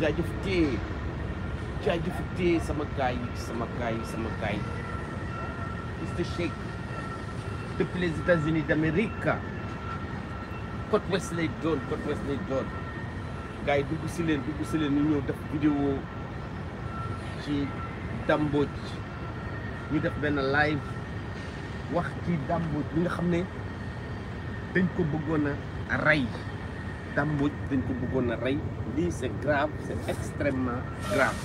jaajëf tee jaajëf tee sama gaay yi sama gaay yi sama gaay yi Mister Shake depuis les États-Unis d'Amérique côte ouest lay doon côte dugg si leen dugg si leen ñu ñëw def vidéo ci Damboj ñu def benn live wax ci Damboj li nga xam ne dañ ko bëggoon a rey Dame dañ ko bëggoon a rey lii c'est grave c'est extrêmement grave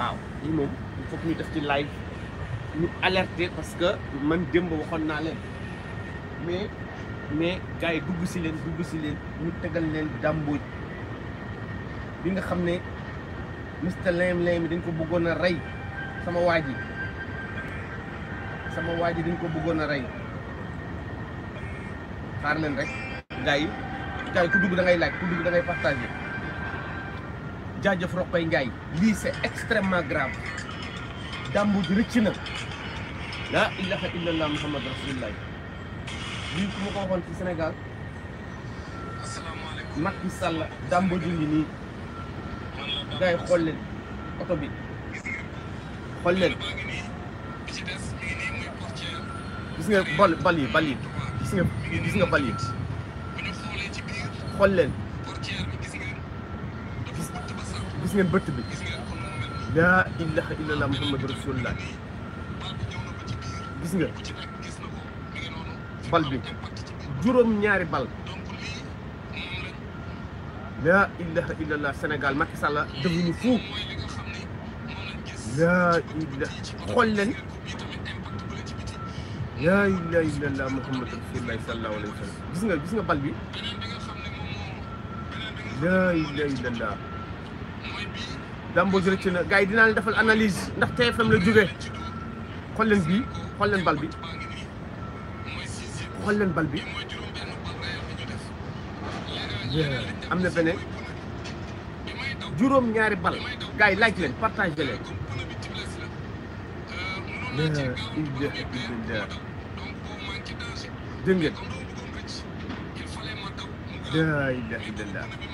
waaw lii moom il faut que ñu def ci live ñu alerter parce que man démb waxoon naa leen mais mais gars dugg si leen dugg si leen ñu tegal leen Dame bi nga xam ne Mr Lame Lame dañ ko bëggoon a rey sama waa ji sama waa ji dañ ko bëggoon a rey xaar leen rek gars kay ku dugg da ngay like ku dugg da ngay partager rok pay ngay li c'est extrêmement grave dambu di rëcc na la ilaha illallah muhammad rasulullah li ku ma ko waxoon ci Sénégal Macky Sall dàmbu ji ngi nii gars yi xool leen oto bi xol leen gis nga bal bal yi bal yi gis nga gis nga bal yi xolleen gis gis ngeen bëtt bi laa ilaha illallah muhammad rasulullah gis nga bal bi juróom ñaari bal laa ilaha illallah Sénégal Macky Sall defuñu fuu laa ilaha xool leen laa ilaha illallah muhammad rasulullah sallallahu alayhi wa sallam gis nga gis nga bal bi laa ilaaha illallaah Dambos rëcc na gars yi dinaa leen defal analyse ndax TFM la jógee xool leen bii xool bi xool leen bi am na beneen juróom ñaari bal gars yi like leen partage leen laa ilaaha illallaah laa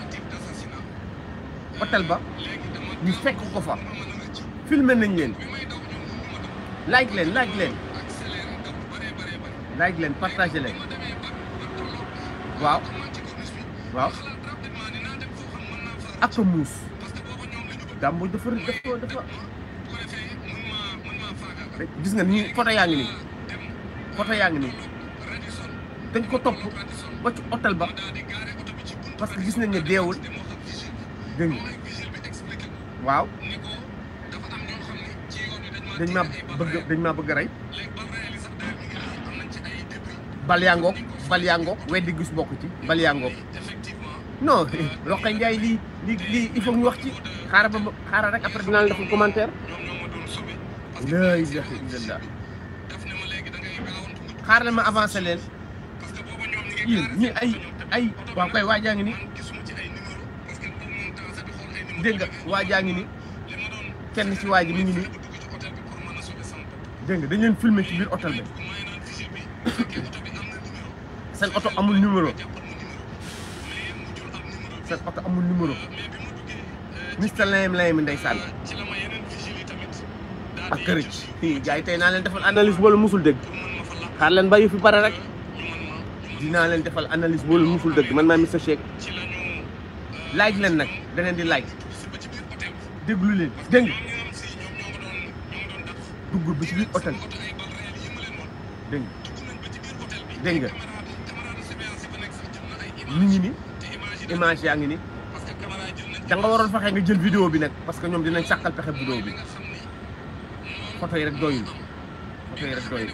hôtel ba ñu fekk ko fa filmer nañ leen like leen like leen like leen partagé leen waaw waaw ak muus dàmbu dafa dafa gis nga ni photo yaa ngi nii photo yaa ngi nii dañ ko topp ba ci hôtel ba parce que gis nañ ne deewul dégg waaw dañ ma bëgg dañ ma bëgg a rey balyangook balyangook weddi gis bokk ci balyangook non Roqe Ndiaye lii lii lii il faut ñu wax ci xaaral ba xaaral rek après dinaa la commentaire la ilaha illallah xaaral ma avancé leen yéen ñi ay ay waaw koy waajaa ni dégg nga waa jaa ngi ni kenn ci waa ji mi ngi ni dégg nga dañ leen filmer biir hôtel bi seen oto amul numéro seen oto amul numéro mister layam layam ndeysaan ak kërëj gars yi tey naa leen defal analyse wala musul dégg xaar leen bàyyi fi pare rek dinaa leen defal analyse wala musul dégg man maa Mister Shake laaj leen nag daneen di laaj déglu leen dégg nga dugg nga dégg nga mi image yaa ngi ni da nga waroon fexe nga jël vidéo bi nag parce que ñoom dinañ sàkkal pexe vidéo bi photo yi rek doyul photo yi rek doyul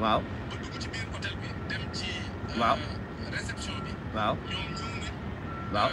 waaw waaw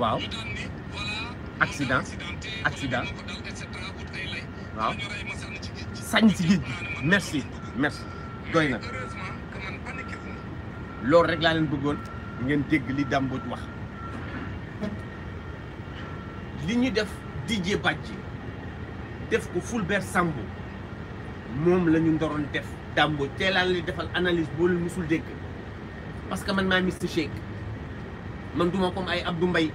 Wow, accident accident Wow, sañ merci merci doy na rek laa leen bëggoon ngeen dégg li dambo wax li ñu def DJ Badji def ko Fulbert Sambo. Mom la def dambo tey defal analyse boo musul dégg parce que man Mister Shake man duma comme ay Abdou Mbaye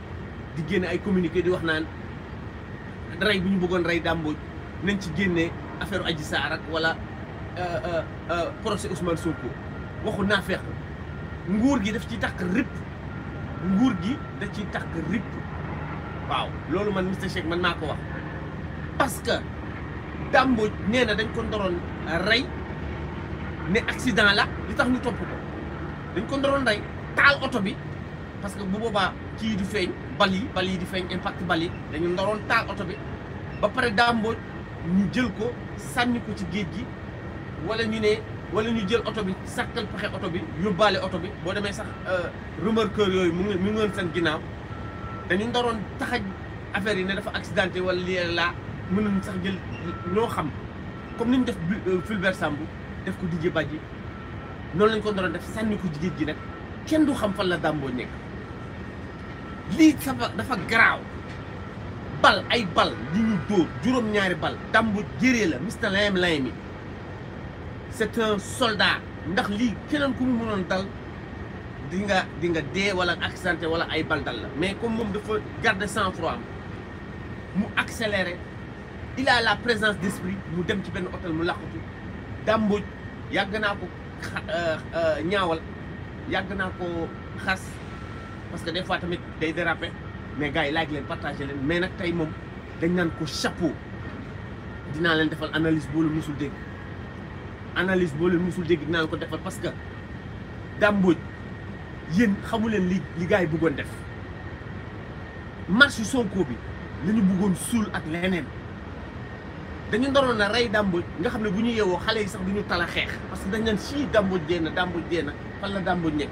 di génne ay communiqué di wax naan rey bi ñu bëggoon rey dàmbooj nañ ci génne affaire Adji Sarr ak wala euh, euh, euh, procès Ousmane Sonko waxu naa feex nguur gi def ci takk ripp nguur gi da ci takk ripp waaw loolu man Mister Shake man maa ko wax parce que dàmbooj nee na dañ ko ndoroon rey ne accident la li tax ñu topp ko dañ ko ndoroon rey taal oto bi parce que bu boobaa kii di feeñ bal yi bal yi di feeñ impact bal yi dañu ndoroon taal oto bi ba pare dàmbooj ñu jël ko sànni ko ci géej gi wala ñu ne wala ñu jël oto bi sàkkal pexe oto bi yóbbaale oto bi boo demee sax euh, remorqueur yooyu mu ngi ngi woon seen ginnaaw dañu ndoroon taxaj affaire yi ne dafa accidenté wala lii laa mën nañu sax jël loo xam comme ni ñu def euh, Fulbert Sambou def ko Didier Badji noonu lañ ko ndoroon def sànni ko ci géej gi nag kenn du xam fan la dàmboo nekk li sama dafa graw bal ay bal ñu ñu dóor juróom-ñaari bal dambu jëree la mister layam layam c'est un soldat ndax li keneen ku mu mënoon dal di nga di nga dé wala accidenté wala ay bal dal la mais comme moom dafa garder sang-froid mu accéléré il a la présence d'esprit mu dem ci ben hôtel mu làqutu dàmbuj yàgg naa ko euh, euh, ñaawal yàgg naa ko khas parce que des fois tamit day déraper mais gars yi like leen partager leen mais nag tey moom dañ naan ko chapeau dinaa leen defal analyse boo leen musul dégg analyse boo leen musul dégg dinaa leen ko defal parce que Dame Mbodj xamu leen li li gars yi bëggoon def marche Sonko bi la ñu bëggoon suul ak leneen dañu ndoroon na rey Dame Mbodj nga xam ne bu ñu yeewoo xale yi sax du ñu tala xeex parce que dañ naan sii Dame Mbodj dee na Dame dee na fan la Dame Mbodj nekk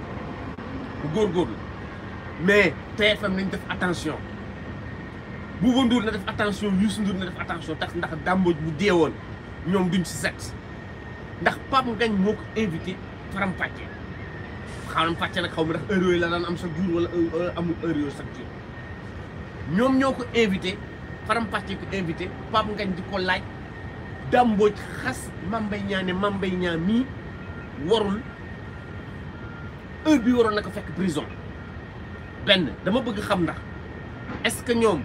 bu góorgóorlu mais TFM nañ def attention Bouba Ndour na def attention Youssou Ndour na def attention tax ndax dàmbooj bu deewoon ñoom duñ si set ndax Pape Ngagne moo ko invité faram pàcce xaram pàcce nag xaw ma ndax heure yooyu la daan am sa jour wala amul heure yooyu chaque jour ñoom ñoo ko invité faram pàcce ko invité Pape ngañ di ko laaj dàmbooj xas Mame Mbaye Niang ne Mame Mbaye Niang mii warul heure bi waroon na prison Ben, dama bëgg xam est-ce que nous,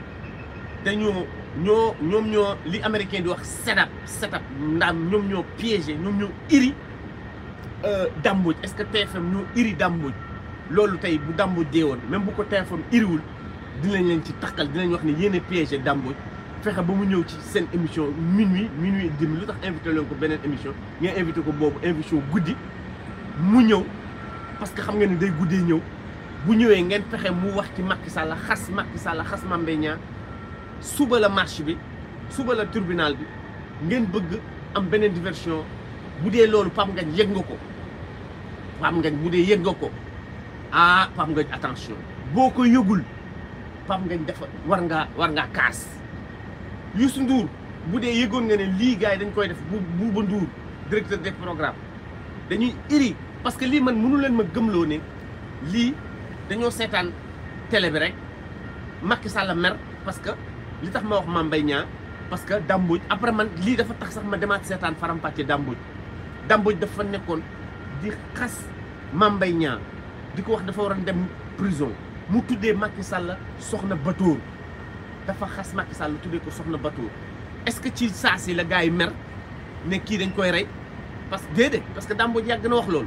dañoo ño ñom ño li américain di wax setup setup ndam ñom ño piégé ñoom ñoo iri euh, dàmbuj est-ce que TFM ñoo iri dàmbuj lolu tay bu dàmbuj dee même bu ko TFM iriwul dinañ leen ci takkal dinañ wax ni yéen piégé dàmbuj fexe ba mu ñëw ci seen émission minuit minuit demi lu tax invité leen ko beneen émission ngeen invité ko boobu émission guddi mu ñëw parce que xam nga ni day guddee ñëw bu ñëwee ngeen fexe mu wax ci Macky Sall xas Macky Sall xas Mame Mbaye Niang suba la marché bi suba la tribunal bi ngeen bëgg am beneen diversion bu dee loolu Pape Ngagne yëg nga ko Pape nga bu dee yëg nga ko ah Pape Ngagne attention boo ko yëgul Pape Ngagne dafa war nga war ngaa kaas Youssou Ndour bu dee yëgoon nga ne lii gars yi dañ koy def bu ba Ndour directeur des programmes dañuy iri parce que lii man mënu leen ma gëmloo ne lii dañoo seetaan télé bi rek Macky Sall mer parce que li tax ma wax Mame Mbaye Niang parce que Dambodj après man lii dafa tax sax ma demaat seetaan faram-fàcce Dambodj Dambodj dafa nekkoon di xas Mame Mbaye di ko wax dafa waroon dem prison mu tuddee Macky Sall soxna Batoor dafa xas Macky Sall tuddee ko soxna Batoor est-ce que ci saa si la gars yi mer ne kii dañ koy rey parce que déedéet parce que Dambodj yàgg na wax loolu.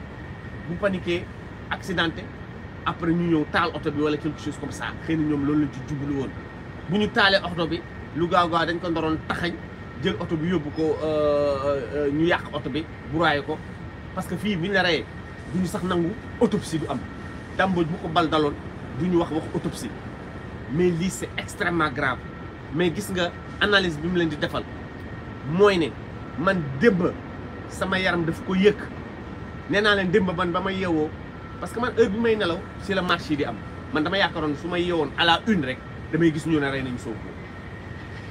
bu paniqué accidenté après ñu ñëw taal oto bi wala quelque chose comme ça xëy ñoom loolu lañ ci jublu woon bu ñu taalee oto bi lu gaaw gaaw dañ ko ndoroon taxañ jël oto bi yóbbu ko euh, euh, ñu yàq oto bi buraaye ko parce que fii bi ñu la reyee du ñu sax nangu autopsie du am dàmbooj bu ko bal du ñu wax wax autopsie mais lii c'est extrêmement grave mais gis nga analyse bi mu leen di defal mooy ne man démb sama yaram daf ko yëkk nee naa leen démb man ba may yeewoo parce que man heure bi may nelaw si la marché yi di am man dama yaakaaroon su may yeewoon à la une rek damay gis ñu ne rey nañu Sonko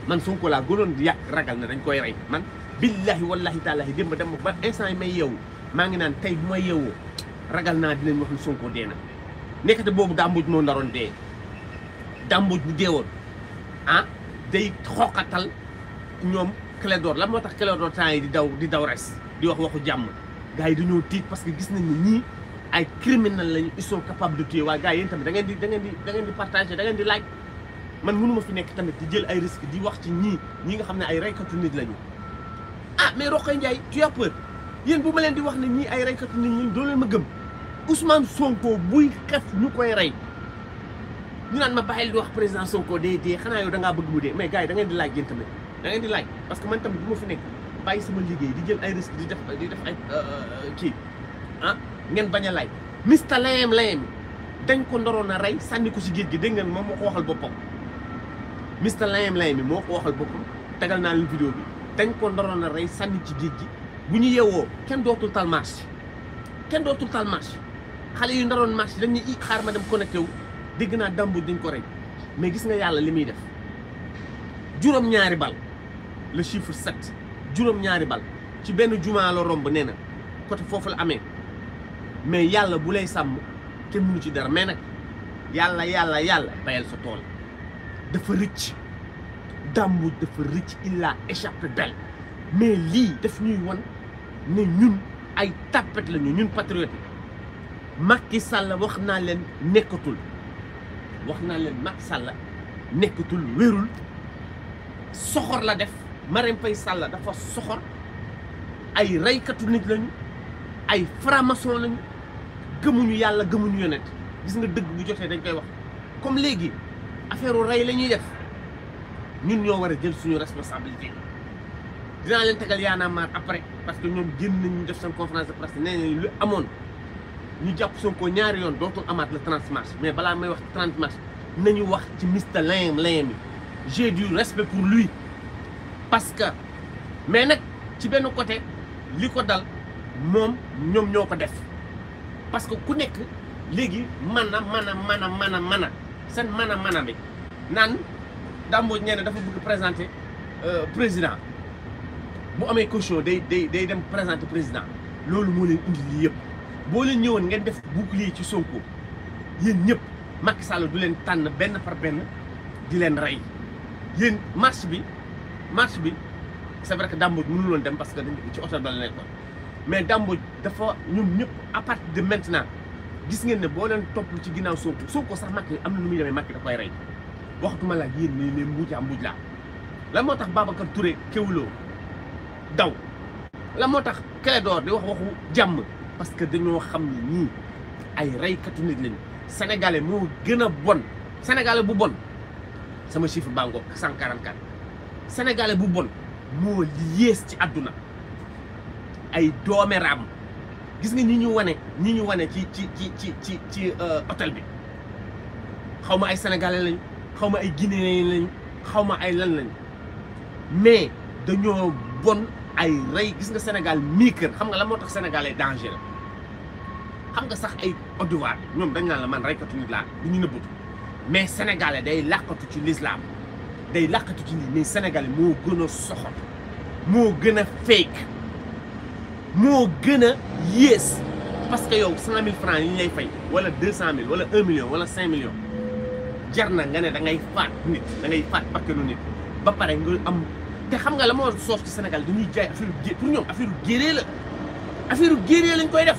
man Sonko laa gënoon yàq ragal na dañ koy rey man billahi wallahi taalahi démb dem ba instant yi may yeewu maa ngi naan tey bu may yeewoo ragal naa dinañ wax ni sonkoo dee na nekkate boobu dàmbuj moo ndaroon dee dàmbuj bu deewoon ah day xoqatal ñoom Clédor la moo tax Clédor temps yi di daw di daw res di wax waxu jàmm gaay yi dañoo tiit parce que gis nañ ni ñi ay criminal lañu ils sont capables de tuer wa gaay yeen tamit da ngeen di da ngeen di da ngeen di partager da ngeen di like man mënuma fi nek tamit di jël ay risque di wax ci ñi ñi nga xam ay reykatu nit lañu ah mais roxay ndjay tu as peur yeen bu ma leen di wax ni ñi ay reykatu nit ñi do leen ma gëm Ousmane Sonko buy xef ñukoy ray ñu nan ma bayil di wax président Sonko dé dé xana yow da nga bëgg mu dé mais gaay da ngeen di like yeen tamit da ngeen di like parce que man tamit bu ma fi nek bàyyi sama liggéey di jël ay risque di def di def ay kii ah ngeen bañ a lay mista layam layam dañ ko ndoroon a rey sànni ko si géej gi dégg ngeen moom moo ko waxal boppam mista layam layam bi moo waxal boppam tegal naa leen vidéo bi dañ ko ndoroon a rey sànni ci géej gi bu ñu yeewoo oh, kenn dootul tal marché kenn dootul tal marché xale yu ndaroon marché dañ ñu i xaar ma dem connecté wu dégg naa dambu dañ ko rey mais gis nga yàlla li def juróom-ñaari bal le chiffre sept juróom-ñaari bal ci benn djuma la romb nee na côté fofu la amé mais yalla bu lay sam kenn mënu ci dara mais nak yalla yalla yalla bayel sa tol dafa rëcc Dame dafa rëcc il a échappé belle mais li daf ñuy won né ñun ay tapet lañu ñun patriote Macky Sall wax naa leen nekkatul wax naa leen Macky Sall nekkatul wérul soxor la def. Marème Faye Sall dafa soxor ay reykatu nit lañu ay franc-maçon lañu gëmuñu yàlla gëmuñu yonent gis nga dëgg bu jotee dañ koy wax comme léegi affaire u rey la ñuy def ñun ñoo war a jël suñu responsabilité dinaa leen tegal yaana maar après parce que ñoom génn nañu def seen conférence de presse nee nañu lu amoon ñu jàpp ko ñaari yoon dootul amaat le 30 mars mais balaa may wax 30 mars nañu wax ci Mr Layem Layem yi j'ai respect pour lui parce que mais nag ci benn côté li ko dal moom ñoom ñoo ko def parce que ku nekk léegi man na man a man a man a man seen man a man a bi naan dàmbooj nee na dafa bugg présenter euh, président bu amee caution day day day dem présenté président loolu moo leen indi lii yëpp boo leen ñëwoon ngeen def lii ci Sonko yéen ñëpp makk Sall du leen tànn benn par benn di leen rey yéen marche bi marche bi c'est vrai que Damboj mënul woon dem parce que ci oto ba la nekkoon mais Damboj dafa ñun ñëpp à partir de maintenant gis ngeen ne boo leen topp ci ginnaaw Sonko ko sax Macky am na nu muy demee Macky da koy rey waxtuma la yéen ne ne mbuujaa mbuuj laa lan moo tax Babacar ture kéwloo daw lan moo tax Clédor di wax waxu jàmm parce que dañoo xam ne ñii ay reykatu nit lañu sénégalais moo gën a bon sénégalais bu bon sama chiffre bango 144 sénégalais bu bon moo yées ci àdduna ay doomeraam gis nga ñi ñu wane ñi ñu wane ci ci ci ci ci ci euh, hôtel bi xaw ma ay sénégalais lañ xaw ma ay guinéen lañ xaw ma ay lan lañ mais dañoo bon ay rey gis nga Sénégal mii kër xam nga la moo tax sénégalais dangel xam nga sax ay Côte d'Ivoire ñoom dañ naan la man reykatu nit laa du ñu nëbbatu mais sénégalais day làqatu ci l'islam day làqatu ci que Sénégal a a parce que yow 100 francs yi 000, 1 fay wala million wala millions... millions. jar nga ne da ngay faat nit da ngay faat que nit ba pare nga am te xam nga la ci pour ñom affaire la affaire lañ koy def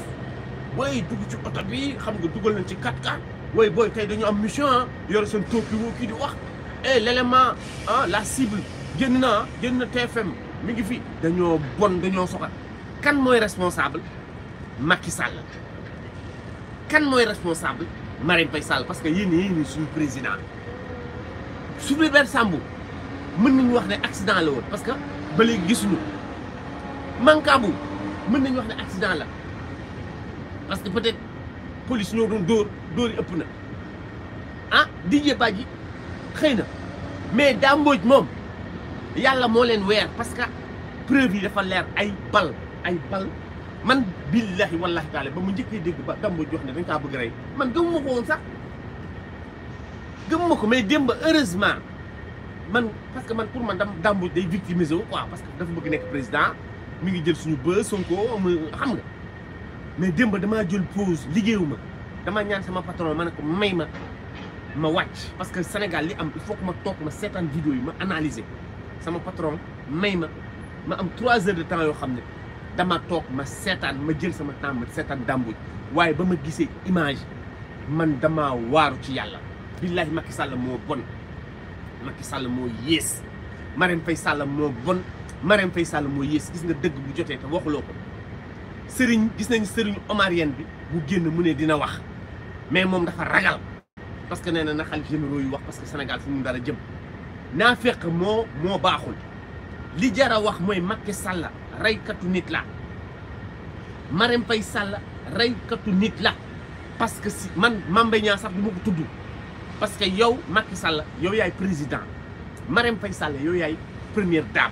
way dugg ci auto bi xam nga dugal nañ ci 4 4 dañu am mission ah, yor et eh, l'élément hein, la cible il na a na TFM mi ngi fi bon kan moi responsable Macky Sall kan moi responsable Marine Faye parce que a président Souleymane Sambou wax un accident la parce que ba wax accident parce que peut-être police ñoo doon dóor ah Didier Badji xëy na mais daa mbooj moom yàlla moo leen weer parce que preuve yi dafa leer ay bal ay bal man billahi wallahi taala ba mu njëkkee dégg ba damboj wax ne dañ kaa bëgg rey man gëmuma ko woon sax gëmuma ko mais démb heureusement man parce que man pour man dam damboj day victimiser wu quoi parce que dafa bëgg nekk président mi ngi jël suñu bë Sonko xam nga mais démb damaa jël pause liggéeyu ma dama ñaan sama patron ma ne ko may ma ma wàcc parce que Sénégal li am il faut que ma toog ma seetaan vidéo yi ma analyser sama patron may ma ma am trois heures de temps yoo xam ne dama toog ma seetaan ma jël sama temps ma seetaan dàmbuj waaye ba ma gisee image man dama waaru ci yàlla billaahi Macky Sall moo bon Macky Sall moo yées Marème fay Sall moo bon Marème Faye Sall moo yées gis nga dëgg bu jotee te waxuloo ko sëriñ gis nañ sëriñ Omarienne bi mu génn mu ne dina wax mais moom dafa ragal parce que nee na na xalif généraux yu wax parce que Sénégal fu mu dara jëm naa fekk moo moo baaxul li jar a wax mooy Macky Sall reykatu nit la Marème Faye Sall reykatu nit la parce que si man Mame Mbaye sax du ma ko tudd parce que yow Macky Sall yow yaay président Marème Faye Sall yow yaay première dame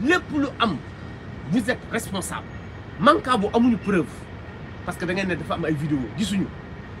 lépp lu am vous êtes responsable manquant bu amuñu preuve parce que da ngeen ne dafa am ay vidéo gisuñu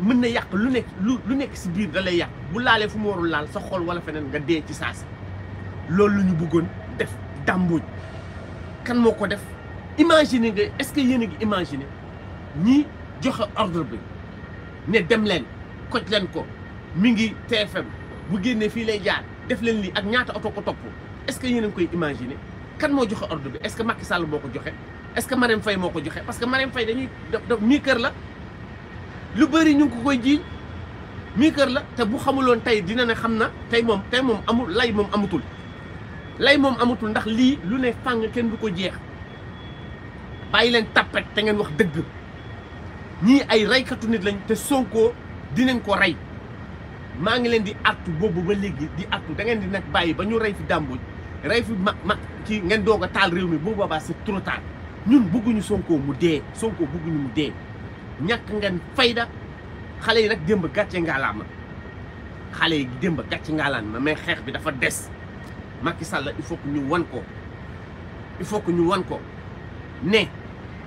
mun na yàq lu nekk lu lu nekk si biir da yàq bu laalee fu mu warul laal sa xol wala feneen nga dee ci saasi loolu la ñu bëggoon def dàmbuj kan moo ko def imaginer nga est-ce que yéen a ngi imaginer ñi joxe ordre bi ne dem leen koj leen ko mi ngi TFM bu génnee fii lay jaar def leen lii ak ñaata oto ko topp est-ce que yéen ngi koy imaginer kan moo joxe ordre bi est-ce que Macky Sall moo ko joxe est-ce que Marème Faye moo ko joxe parce que Marème Faye dañuy def mii kër la. lu bari ñu ngi ko koy jiiñ mii kër la te bu xamuloon tey dina ne xam na tey moom tey moom amul lay moom amatul lay moom amatul ndax lii lu ne fàng kenn du ko jeex bàyyi leen tappet te ngeen wax dëgg ñii ay reykatu nit lañ te Sonko dinañ ko rey maa ngi leen di artu boobu ba léegi di artu da ngeen di nag bàyyi ba ñu rey fi dàmbuj rey fi mag mag ci ngeen doog a taal réew mi bu boobaa si trop ñun bëgguñu Sonko mu dee Sonko bëgguñu mu dee ñàkk ngeen fayda xale yi rek démb gàcce ngaalaama xale yi démb gàcce ngaalaama mais xeex bi dafa des Macky Sall il faut que ñu wan ko il faut que ñu wan ko ne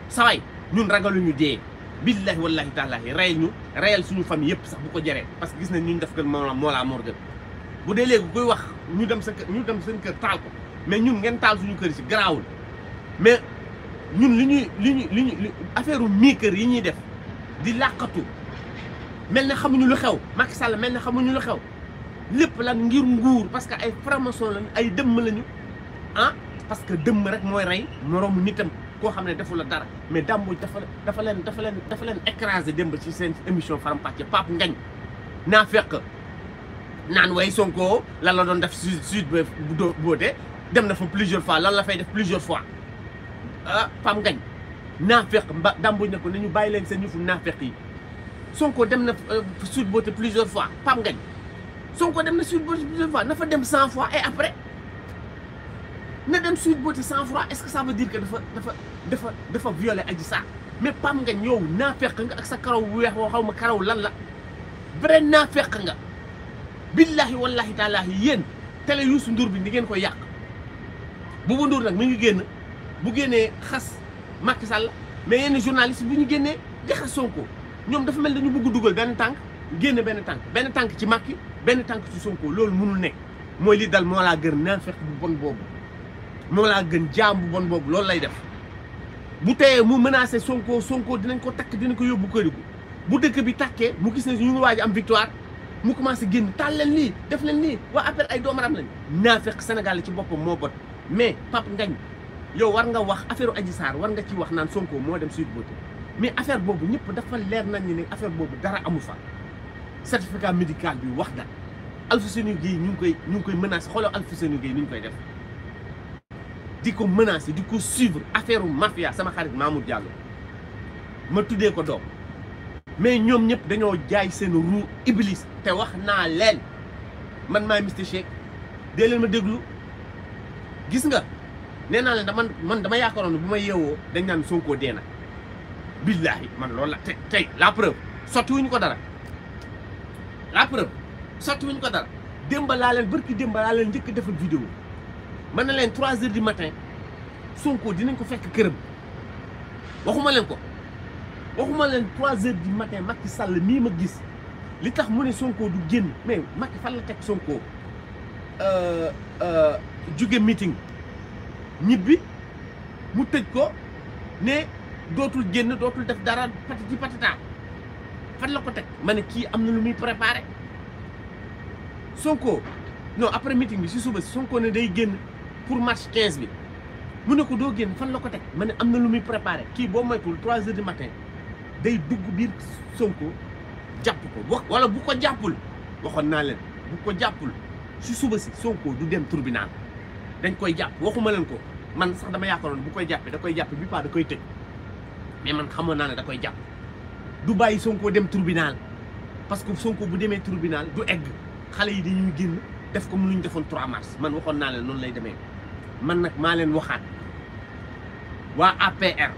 saway ñun ragaluñu dee billahi wallahi taalaahi rey ñu reyal suñu famille yëpp sax bu ko jaree parce que gis nañ ñu def kër moo moo laa mor bu dee léegi kuy wax ñu dem sa kër ñu dem seen kër taal ko mais ñun ngeen taal suñu kër ci garaawul mais ñun li ñuy li ñuy li ñuy affaire u mii kër yi ñuy def di làqatu melni xamuñu lu xew Macky Sall melni xamuñu lu xew lépp la ngir nguur parce que ay franc-maçon lañ ay dem lañu han parce que dem rek moy ray morom nitam ko xamne defu la dara mais dambu dafa dafa len dafa len dafa len écraser dem ci sen émission Faram patch pap Ngagne na fekk nan way Sonko la la don def sud sud ba dem na fa plusieurs fois lan la fay def plusieurs fois ah pam Ngagne nafaq mba dambuñ ne ko nañu bàyyi leen seen yëfu naafeq Sonko dem na euh, Sweet Beauté plusieurs fois pam Ngagne Sonko dem na Sweet Beauté plusieurs fois na fa dem 100 fois et après na dem Sweet Beauté 100 fois est-ce que ça veut dire que dafa dafa dafa dafa violer aji sa mais pam Ngagne yow nafaq nga ak sa karaw wex wo xawma karaw lan la vrai nafaq nga billahi wallahi ta'ala yéen télé Youssou Ndour bi ni ngeen koy yàq Bouba Ndour nak mi ngi génn bu génnee khas Macky Sall mais les journaliste bu ñu génnee Sonko ñom dafa mel dañu bëgg duggal benn tànk benn tank ci Macky ci Sonko loolu mënul nekk moy li dal gën bu bon bobu mo la gën jaam bu bon lay def bu mu Sonko Sonko dinañ ko tak dinañ ko ko bu dëkk bi takké mu gis ñu ngi waji am victoire mu commencé génn talel ni def appel ay lañ Sénégal ci mais yow war nga wax affaire Adji war nga ci wax naan Sonko moo dem Sweet Beauté mais affaire boobu ñëpp dafa leer nañ ni ne affaire boobu dara amu fa certificat médical bi wax da Alfousseyni Gueye ñu ngi koy ñu ngi koy menacé xoolal Alfousseyni Gueye ni ñu koy def di ko menacé di ko suivre affaire mafia sama xarit Mamour Diallo ma tuddee ko doom mais ñoom ñëpp dañoo jaay seen ruu iblis te wax naa leen man maay Mister Shake dee leen ma déglu gis nga nee naa leen dama man dama yaakaaroon ne bu ma yeewoo dañ naan Sonko dee na billaahi man loolu la te tey la preuve sottiwuñu ko dara la preuve sottiwuñu ko dara démba laa leen barki démba laa leen njëkk defal vidéo man na leen trois heures di matin Sonko dinañ ko fekk këram waxuma leen ko waxuma leen trois heures du matin Macky Sall mii ma gis li tax mu ne Sonko du génn mais Macky fan la teg Sonko euh, euh, jóge meeting ñibbi mu tëj ko ne dootul génn dootul def dara patati patata fan la ko teg ma ne kii am na lu muy préparé Sonko non après meeting bi si suba si Sonko ne day génn pour marche 15 bi mu ne ko doo génn fan la ko teg ma ne am na lu muy préparé kii boo moytuwul trois heures du matin day dugg biir Sonko jàpp ko wala bu ko jàppul waxoon naa leen bu ko jàppul si suba si Sonko du dem tribunal dañ koy jàpp waxuma leen ko man sax dama yaakaaroon bu koy jàppee da koy jàpp bi pas da koy tëj mais man xamoon naa ne da koy jàpp du bàyyi Sonko dem tribunal parce que Sonko bu demee tribunal du egg xale yi dañuy génn def ko mu ñu defoon 3 mars man waxoon naa leen noonu lay demee man nag maa leen waxaat waa APR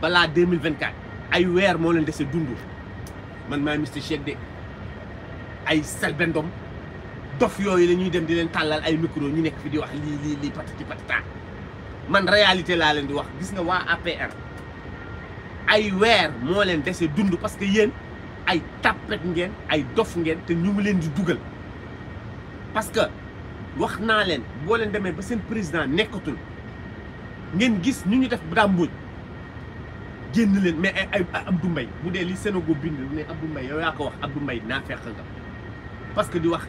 balaa 2024 ay weer moo leen dese dund man maa Mister Shake de ay selbendom tof yooyu la ñuy dem di len talal ay micro ñu nek fi di wax li li li patati patata man réalité la len di wax gis nga wa APR ay wèr mo len déssé dund parce que yeen ay tàppet ngeen ay dof ngeen te ñu ngi len di duggal parce que wax na len bo len démé ba seen président nekatul ngeen gis ñu ñu def dàmbuj genn len mais ay Abdou mbay bu dee li Sénégal bind né Abdou mbay yow ya ko wax Abdou mbay na fekk nga parce que di wax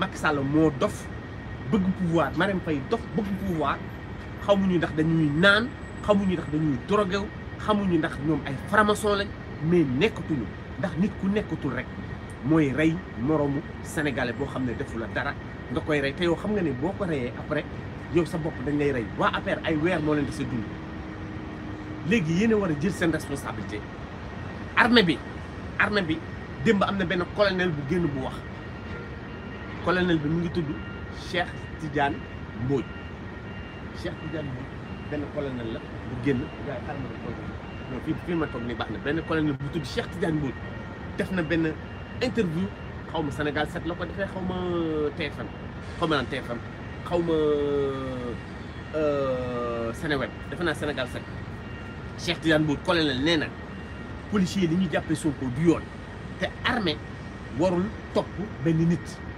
Macky Sall moo dof bëgg pouvoir Marème Faye dof bëgg pouvoir xamuñu ndax dañuy naan xamuñu ndax dañuy drogué wu xamuñu ndax ñoom ay franc lañ mais nekkatuñu ndax nit ku nekkatul rek mooy rey moroomu sénégalais boo xam ne defu la dara nga koy rey te yow xam nga ne boo ko reyee après yow sa bopp dañ lay rey waa affaire ay weer moo leen di sa dund léegi yéen a war a jël seen responsabilité armée bi armée bi démb am na benn colonel bu génn bu wax colonel bi mu ngi tudd Cheikh Tidiane Mbodj Cheikh Tidiane Mbodj benn colonel la bu génn gars yi xaaral baax na benn colonel bu tudd Cheikh Tidiane Mbodj def na benn interview xaw ma Sénégal set la ko defee xaw ma TFM xaw ma naan xaw ma euh, Sénéweb defe naa Sénégal 7 Cheikh Tidiane Mbodj colonel nee na policier li ñu jàppee Sonko du yoon te armée warul topp benn nit.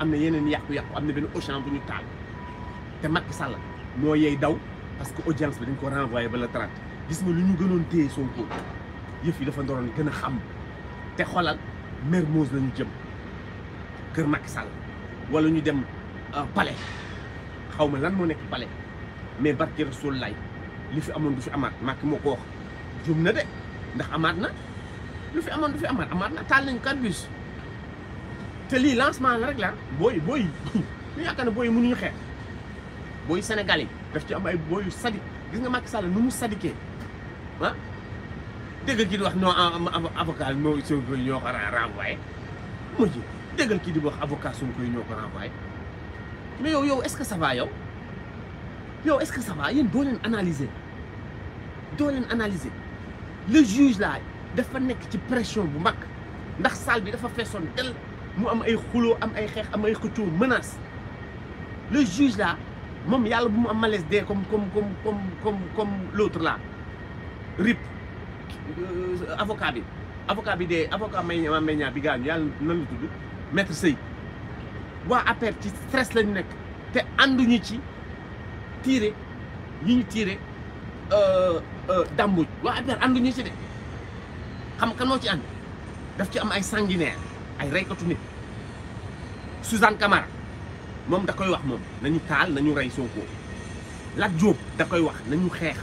am na yeneen yàqu-yàqu am na benn Auchan bu ñu taal te Macky Sall moo yey daw parce que audience bi dañ ko renvoyé ba le 30 gis ma lu ñu gënoon téye Sonko yëf yi dafa ndoroon gën a xam te xoolal Mermoz lañu jëm kër Macky Sall wala ñu dem euh, palais xaw ma lan moo nekk palais mais barke Rasul lay li fi amoon du fi amaat Macky moo ko jum na de ndax amaat na lu fi amoon du fi amaat amaat na taal nañu quatre bus te lii lancement la rek la booy booy ñu yaakaar ne booy mënuñu xeex booy Sénégal yi daf ci am ay booy yu sadik gis nga Macky Sall nu mu sadikee ah déggal kii di wax non avocat non Sonko kii di wax avocat mais yow yow est-ce que ça yow yow est-ce que ça va yéen leen analyser doo leen analyser le dafa nekk ci pression bu mag ndax salle bi dafa fesoon del mu am ay am ay am menace le juge là moom yàlla bu a comme comme comme comme comme comme l'autre là rip euh, avocat bi avocat bi avocat may y il non tout maître sëy waa APR stress le nekk te tiré. ci tiire ñi euh, euh il ci de xam kan ci am ay ay reykatu nit Suzanne Camara moom da koy wax moom nañu taal ñu rey Sonko Lat Diop da koy wax nañu xeex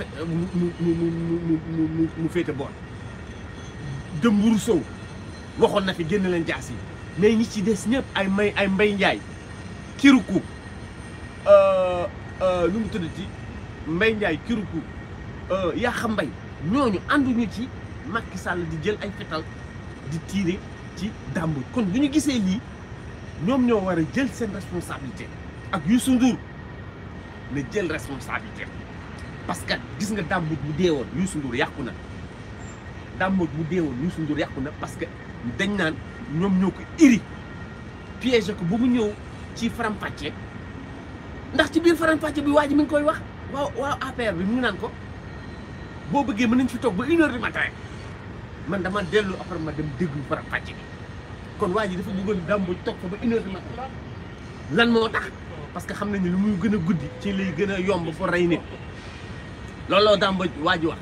euh, mu mu mu mu mu féete boor Dembourou Sow waxoon na fi génn leen jaas yi mais ñi ci des ñëpp ay may ay mbay njaay kiruku euh, euh, nu mu tëdd ci mbay njaay kiruku yaa xam mbay ñooñu ànduñu ci Macky sàll di jël ay fetal di tiire ci dàmbuj kon bu ñu gisee lii ñoom ñoo war a jël seen responsabilité ak Youssou Ndour na jël responsabilité parce que gis nga dàmbuj bu deewoon Youssou Ndour yàqu na dàmbuj bu deewoon Youssou Ndour yàqu na parce que dañ naan ñoom ñoo ko iri piège ko ba mu ñëw ci faram-fàcce ndax ci biir faram-fàcce bi waa ji mi ngi koy wax waaw waaw APR bi mu ngi naan ko boo bëggee mu nañ fi toog ba une heure du man dama dellu après ma dem déglu faram fàcce bi kon waa ji dafa bëggoon dàmbu toog fa ba une heure lan moo tax parce que xam ñi lu muy gën a guddi ci lay gën a yomb fa rey nit looloo dàmb waa ji wax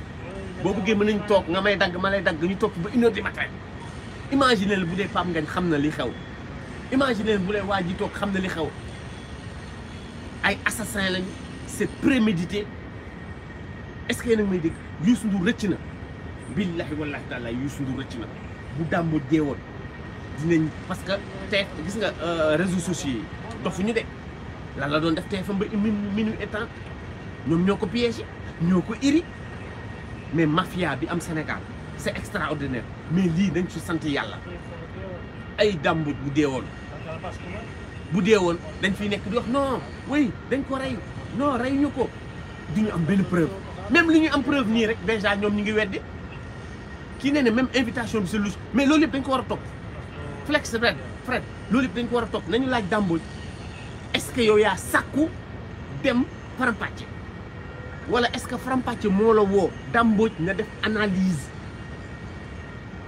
boo bëggee mën nañ toog nga may dagg ma lay dagg ñu toog ba une heure du matin imaginer bu dee Pape Ngagne xam na li xew imaginer bu dee waa ji toog xam na li xew ay assassin lañu c'est prémédité est-ce que yéen a ngi may dégg Youssou Ndour rëcc na billahi wallahi taala Ndour ma bu deewon dinañ parce que les nga euh, réseaux sociaux en dofuñu de Là la doon def minuit ñom ñoko iri mais mafia bi am Sénégal c'est extraordinaire mais li dañ ci yalla ay bu deewon bu deewon dañ di wax non oui dañ ko ray? non ray ñuko am preuve même li ñu am preuve rek déjà ngi il nee na même invitation bi sa mais loolu yëpp dañ ko war a flex Fred Fred loolu yëpp dañ ko war a topp nañu laaj est-ce que yow yaa sàkku dem farampàcce wala est-ce que farampàcce molo la woo dàmbooj na def analyse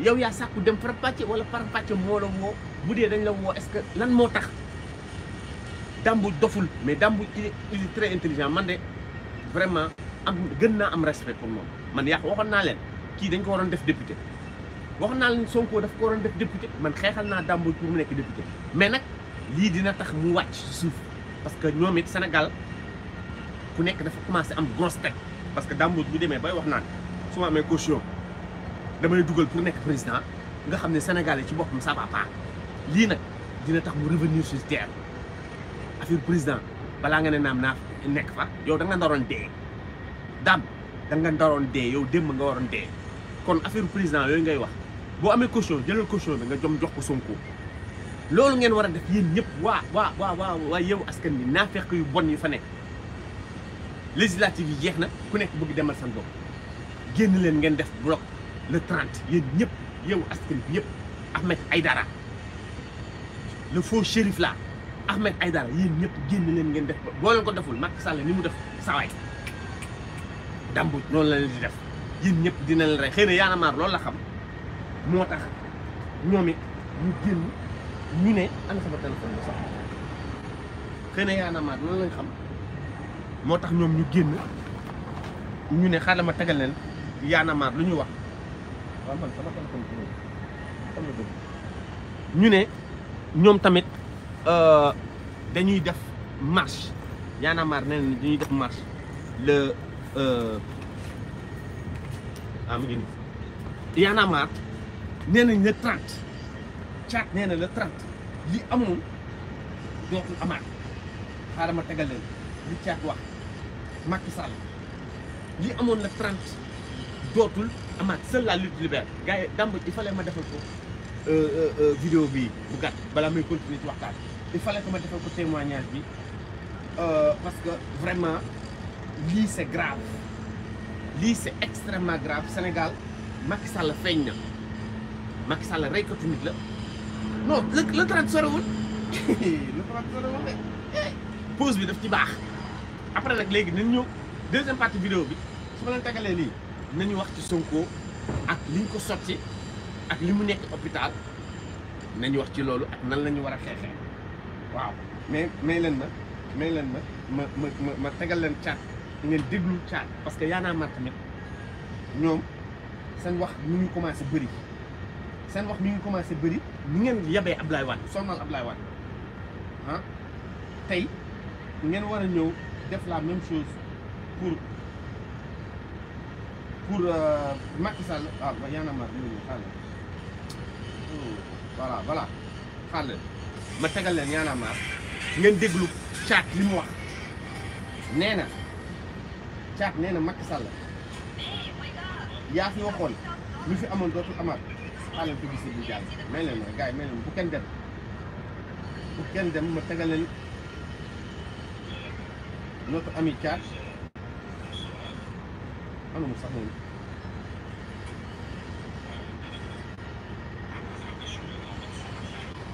yow yaa sàkku dem farampàcce wala farampàcce molo la woo bu dee la est-ce que lan moo tax dàmbooj doful mais Dambou il est très intelligent man de vraiment am gën am respect pour moom man yaa waxoon naa kii dañ ko waroon def député wax naa leen Sonko daf ko waroon def député man xeexal naa Dame pour mu nekk député mais nag lii dina tax mu wàcc ci suuf parce que ñoom it Sénégal ku nekk dafa commencé am grosse tête parce que Dame bu demee bay wax naan su ma amee caution damay dugal pour nekk président nga xam ne Sénégalais ci boppam ça va pas lii nag dina tax mu revenir sur terre affaire président balaa nga ne naam naa nekk fa yow da nga naroon dee da nga naroon dee yow démb nga waroon dee. kon affaire président yooyu ngay wax boo amee caution jëlal caution bi nga jom jox ko Sonko loolu ngeen war a def yéen ñëpp waa waa waa waa waa yow askan bi naafeq yu bon yi fa nekk législative yi jeex na ku nekk bëgg demal seen bopp génn leen ngeen def bloc le 30 yéen ñëpp yow askan bi yëpp Ahmed Aydara le faux shérif la Ahmed Aydara yéen ñëpp génn leen ngeen def boo leen ko deful Macky Sall ni mu def sawaay dambu noonu la leen di def yéen ñëpp dina leen rey xëy na Y'en loolu la xam moo tax ñoom ñu génn ñu ne ana loolu lañ xam tax ñoom ñu génn ñu ne xaaral ma tegal leen Y'en lu ñu wax ñu ne ñoom tamit euh, dañuy def marche Y'en a marre dañuy def marche le. Euh, ah mi ngi nii Y'en a marre nee nañ le 30 caat nee na le 30 li amoon dootul amaat xaaral ma tegal leen li caat wax Macky Sall li amoon le 30 dootul amaat seule la lutte libère gars yi damb il fallait ma defal ko euh, euh, euh, vidéo bi bu gàtt balaa may continuer ci waxtaan il fallait que ma defal ko témoignage bi parce que vraiment lii c'est grave lii c'est extrêmement grave Sénégal Macky Sall feeñ na Macky Sall reykatu nit la non le le trente sorewul le trente sorewul de eh, pause bi daf ci baax après nag léegi nañ ñëw deuxième partie vidéo bi su ma leen tegalee lii nañu wax ci Sonko ak liñ ko sotti ak li mu nekk hôpital nañu wax ci loolu ak nan la ñu war a xeexee waaw mais may leen ma may leen ma ma ma ma tegal leen cat ngeen déglu caat parce que yaa naa tamit ñoom seen wax mu ngi commencé bëri seen wax mi ngi commencé bëri ni ngeen yabee Ablaye Wade sonal Ablaye Wade ah tey ngeen war a ñëw def laa même chose pour pour euh, Macky Sall ah, waaw ba yaa naa mar ñëw xaal voilà voilà xaal ma tegal leen yaa naa mar ngeen déglu caat li mu wax nee na. caat nee na Macky Sall yaa fi waxoon lu fi amoon dootul amaat xaaral publicité bi jàll may leen ma gars yi may leen bu kenn dem bu kenn dem ma tegal leen notre ami caat ana mu sax moom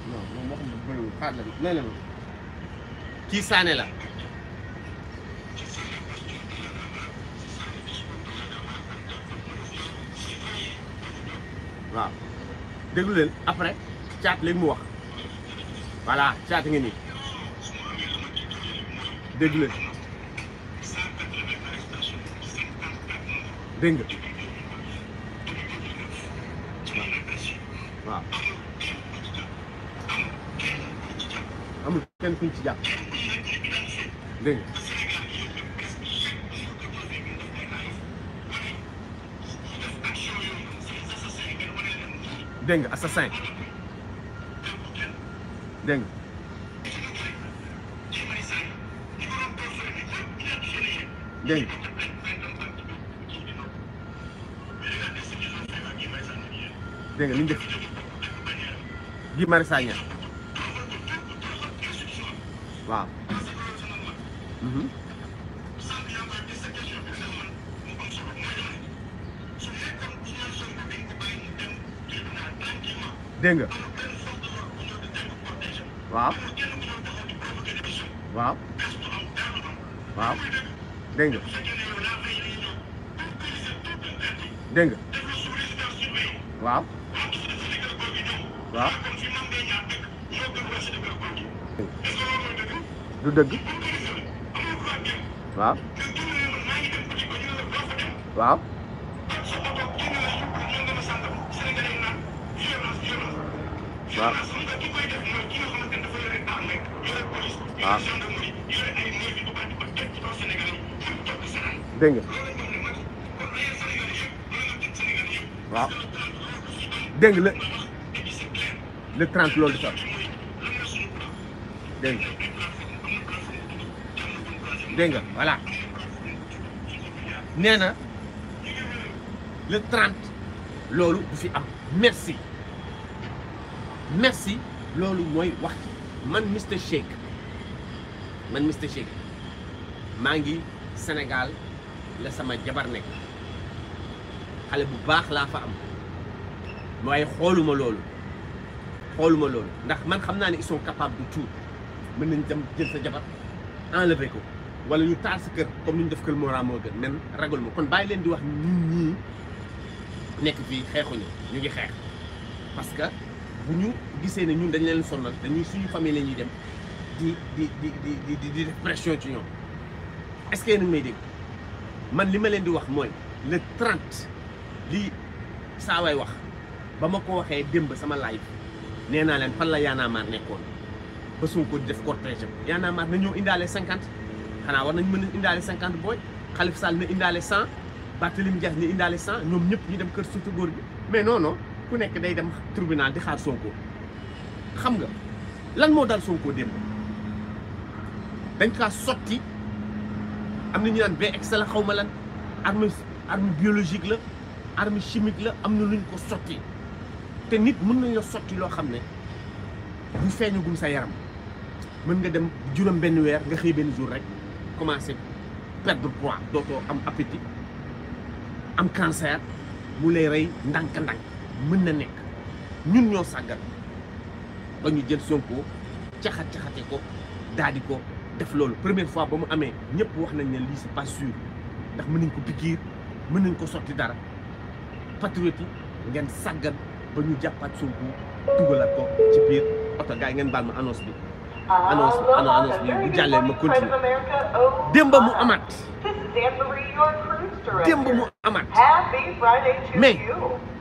non moom waxum bëriwul xaaral may leen ma kii Sané la waaw déglu après caat léegi mu wax voilà caat ngeen ni déglu leen waaw amul kenn kuñ ci jàpp dégg Deng assassin Deng. Deng. Deng. Deng dégg nga li Wow. def mhm. Guy dégg nga waaw waaw dëgg waaw waaw Tá. Tá. dégg nga waaw le le trente loolu di sax dégg voilà le trente loolu du fi merci merci loolu moy wax man mr Shake man mr Shake mangi Sénégal la sama jabar nek xale bu bax la fa am moy xoluma loolu xoluma loolu ndax man xamna ni ils sont capables de tout mën nañ dem jël sa jabar enlever ko wala ñu taal sa kër comme ñu def kër ra mo gën men ragal ma kon bay leen di wax nit ñi nek fi xexu ñu ngi xex parce que. bu ñu gisee ne ñun dañ leen sonal dañuy suñu famille la ñuy dem di di di di di di def pression ci ñoom est may dégg man li ma leen di wax mooy le 30 li saaway wax ba ma ko waxee démb sama laay nee naa leen fan la Y'en a marre nekkoon ba Sonko di def cortège Y'en a marre na ñëw indaale 50 xanaa war nañ mën a indaale 50 booy Khalifa Sall na indaale 100 Barthélémy Dias na indaale 100 ñoom ñëpp ñu dem kër surtout góor gi mais non ku nekk day dem tribunal di xaar Sonko xam nga lan moo daal dal koo démb dañ kaa sotti am na ñu naan VX la xaw ma lan arme arme biologique la arme chimique la am na luñ ko sotti te nit mën nañ la sotti loo xam ne bu feeñagum sa yaram mën nga dem juróom benn weer nga xëy benn jour rek commencé perdre poids dootoo am appétit am cancer mu lay rey ndànk-ndànk mën na nekk ñun ñoo sàggat ba ñu jël Sonko caxat caxate ko daal di ko def loolu première fois ba mu amee ñëpp wax nañ ne lii c'est pas sûr ndax mën nañ ko pikiir mën nañ ko sotti dara patriote yi ngeen sàggat ba ñu jàppaat Sonko dugalaat ko ci biir oto gars ngeen baal ma annonce bi ah, annonce annonce bi bu jàllee ma continuer oh, démba mu amaat démba mu amaat mais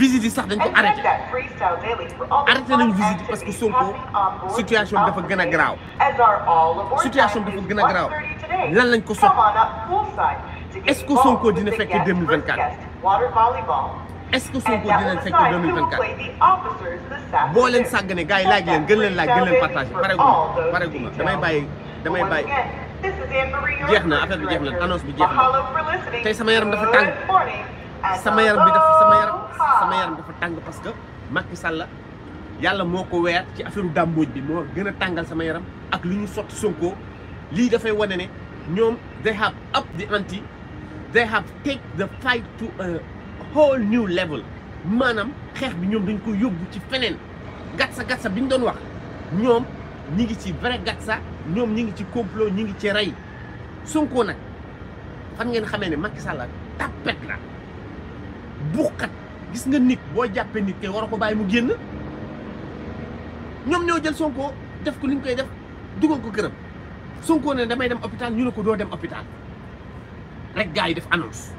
visite yi sax dañ ko arrêté arrêté nañ visite parce que Sonko situation dafa gën a garaaw situation dafa gën a garaaw lan lañ ko sot est-ce que Sonko dina fekk 2024 est-ce que Sonko dina fekk 2024 boo leen sàggane gars yi laaj leen gën leen laaj gën leen partagé pareeguma pareeguma damay bàyyi damay bàyyi jeex na affaire bi jeex na annonce bi jeex na sama yaram dafa tàng. sama yaram bi dafa sama yaram sama yaram dafa tàng parce que Macky Sall yàlla moo ko weer ci affaire dàmbooj bi moo gën a sama yaram ak lu sotti Sonko lii dafay wane ne ñoom they have up the ante they have take the fight to a whole new level maanaam xeex bi ñoom dañ ko yóbbu ci feneen gatsa gatsa bi ñu doon wax ñoom ñi ngi ci vrai gatsa ñoom ñi ngi ci complot ñi ngi ci rey Sonko nag fan ngeen xamee ne Macky Sall tapet la buxkat gis nga nit boo jàppee nit kay war a ko bàyyi mu génn ñoom ñoo jël Sonko def ko li ñu koy def dugal ko këram Sonko ne damay dem hôpital ñu ne ko doo dem hôpital rek gars yi def annonce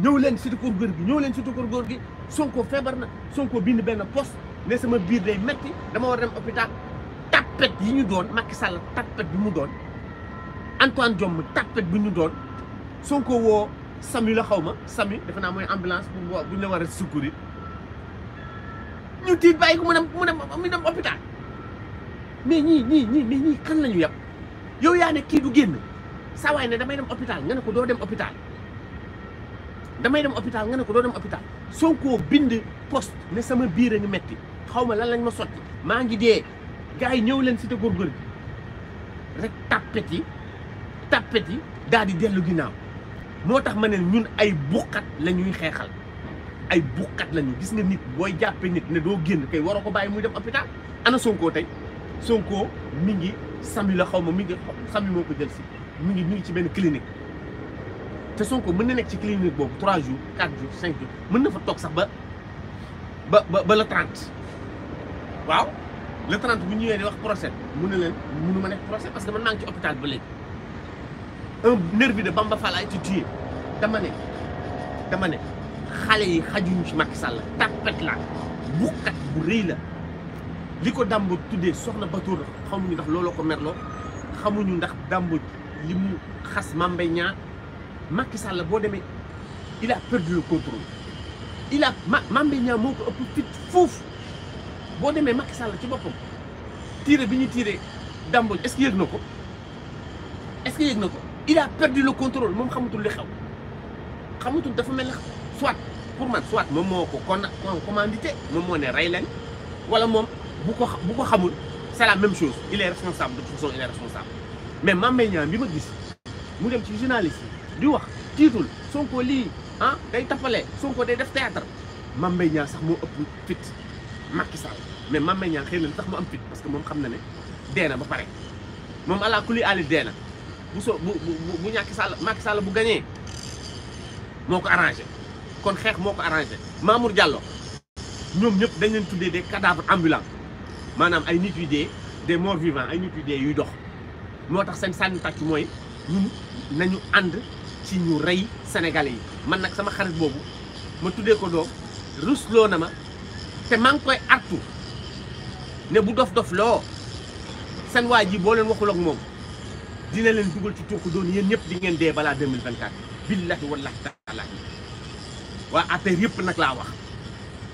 ñëw leen ci kër góor gi ñëw leen ci kër góor gi Sonko feebar na Sonko bind benn post ne sama biir day metti dama war a dem hôpital tappet yi ñu doon Macky sàll tappet bi mu doon Antoine Diome tappet bi ñu doon Sonko woo sami la xaw ma sami defe naa mooy ambulance bu buñ la war a secourir ñu tiit bàyyi ko mu dem mu dem mu dem hôpital mais ñii ñii ñii mais ñii kan la ñu yab yow yaa ne kii du génn saa waay ne damay dem hôpital nga ne ko doo dem hôpital damay dem hôpital nga ne ko doo dem hôpital Sonko bind poste ne sama biir a ngi metti xaw ma lan lañ ma sotti maa ngi dee gars yi ñëw leen cité góorgóor bi rek tappet yi tappet yi daal di dellu ginnaaw moo tax ma ne ñun ay buqat la ñuy xeexal ay buqat la ñu gis nga nit booy jàppee nit ne doo génn kay waroo ko bàyyi muy dem hôpital ana Sonko tey Sonko mi ngi sami la xaw ma mi ngi sami moo ko jël si mi ngi mi ci benn clinique te Sonko mën na nekk ci clinique boobu 3 jours 4 jours 5 jours mën na fa toog sax ba ba ba le 30 waaw le 30 bu ñëwee di wax procès mu ne leen mënu ma nekk procès parce que man maa ci hôpital ba léegi. un nervi de Bamba Fall a tu tué dama ne dama ne xale yi xajuñu ci Macky Sall tapet la buqat bu rëy la liko dambo tuddé tuddee soxna Batour xamuñu ndax lolo ko merlo xamuñu ndax dambo limu mu xas mambay ñaar Macky Sall boo demee il a perdu le contrôle il a mambay ñaar moo ko ëpp fit foofu boo demee Macky Sall ci bopam tiré biñu tiré dambo est-ce que yëg est-ce que yëg il a perdu le contrôle sais pas. li xew xamatul dafa Je ne soit pour moi, soit je suis commandité moom je ne moi, wala je ne c'est la même chose il est responsable de toute façon il est responsable mais Mame un bi ma est mu dem journaliste je di wax Son Sonko hein? day je Sonko théâtre Mame sax fit mais Mame Mbaye un sax am fit parce que moom xam je ne Je ba pare moom ala kuli ali bu so bu bu bu ñàkk Sall Macky Sall bu gañee moo ko arrangé kon xeex moo ko arrangé Mamour Diallo ñoom ñëpp dañ leen tuddee des cadavres ambulants maanaam ay nit yu dee des morts vivants ay nit yu dee yuy dox moo tax seen sànni tàcc mooy ñun nañu ànd ci ñu rey sénégalais yi man nag sama xarit boobu ma tuddee ko doom rusloo na ma te maa ngi koy artu ne bu dof dof loo seen waa jii boo leen waxul ak moom dina leen dugal ci toog doon yéen ñëpp di ngeen dee balaa 2024 billahi wallahi taalahi waa affaire yëpp nag laa wax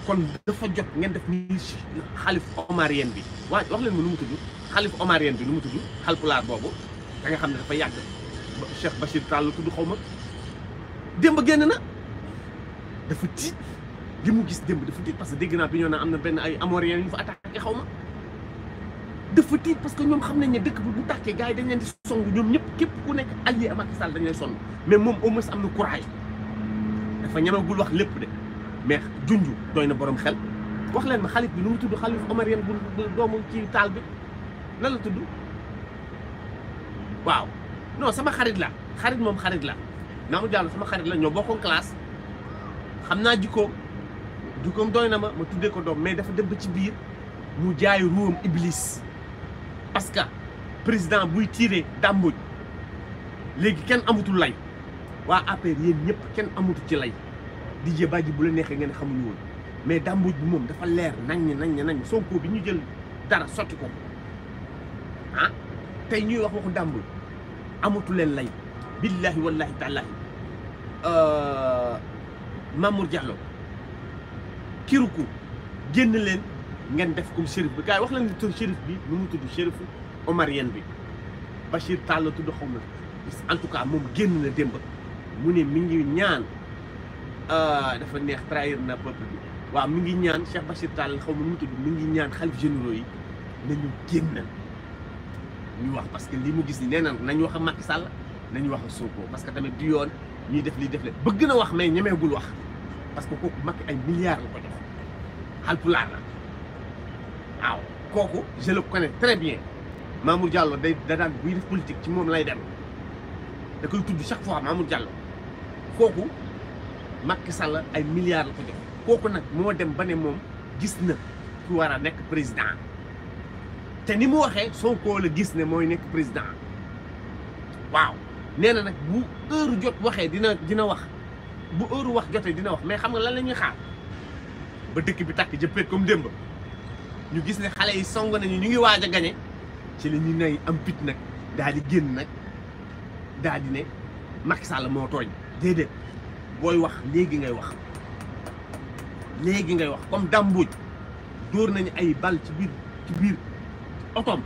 kon dafa jot ngeen def nii si xalif omarien bi waa wax leen ma lu mu tudd xalif omarien bi nu mu tudd boobu da xam ne dafa yàgg Cheikh Bachir tàll la tudd xaw ma démb génn na dafa tiit li mu gis démb dafa tiit parce que dégg naa bi ñoo naan am na benn ay amorien yu ñu fa attaqué xaw ma dafa tiit parce que ñoom xam nañ ne dëkk bi bu tàkkee gars dañ leen di song ñoom ñëpp képp ku nekk allié à Macky Sall dañ lay sonn mais moom au moins am na courage dafa ñemagul wax lépp de mais junj doy na borom xel wax leen ma xalif bi nu mu tudd xalif Omar yéen bu doomu ci taal bi lan la tudd waaw non sama xarit la xarit moom xarit la Namou Diallo sama xarit la ñoo bokkoon classe xam naa jikkoom jikkoom na ma ma tuddee ko doom mais dafa dem ba ci biir mu jaay ruum iblis. parce que président buy tiire dàmbuj léegi kenn amatul lay waa APR yéen ñëpp kenn amatu ci lay Didier Badji bu la neexee ngeen xamuñu woon mais dàmbuj bi moom dafa leer nañ naññ naññ Sonko bi ñu jël dara sotti ko ah tey ñuy wax waxu dàmbuj amatu leen lay billahi wallahi tallahi euh, Mamour Diallo Kiruku génn leen ngeen def comme shérif bi gars yi wax leen tur shérif bi nu mu tudd shérifu omarien bi Bachir Tall tudd xaw na en tout cas moom génn la démb mu ne mi ngi ñaan euh, dafa neex trahir na peuple bi waaw mi ngi ñaan Cheikh Bachir Tall xaw ma nu mu tudd mi ngi ñaan xalif généraux yi na nañu génn ñu wax parce que li mu gis ni nee na nañu wax a Macky Sall nañu wax a Sonko parce que tamit du yoon ñuy def lii def la bëgg na wax mais ñemeegul wax parce que kooku Macky ay milliards la waaw kooku je le connais très bien Mamour Diallo day da daan buy def politique ci moom lay dem da koy tudd chaque fois Mamour Diallo kooku Macky Sall ay milliards la ko jox kooku nag moo dem ba ne moom gis na ku war a nekk président te ni mu waxee Sonko la gis ne mooy nekk président waaw nee na nag bu heure jot waxee dina dina wax bu heure wax jotee dina wax mais xam nga lan la ñuy xaar ba dëkk bi takk jëppee comme démb. ñu gis ne xale yi song nañu ñu ngi waaj a gañe ci la ñuy nay am picc nag daal di génn nag daal ne Macky Sall moo tooñ déedéet booy wax léegi ngay wax léegi ngay wax comme dàmbuj dóor nañu ay bal ci biir ci biir otom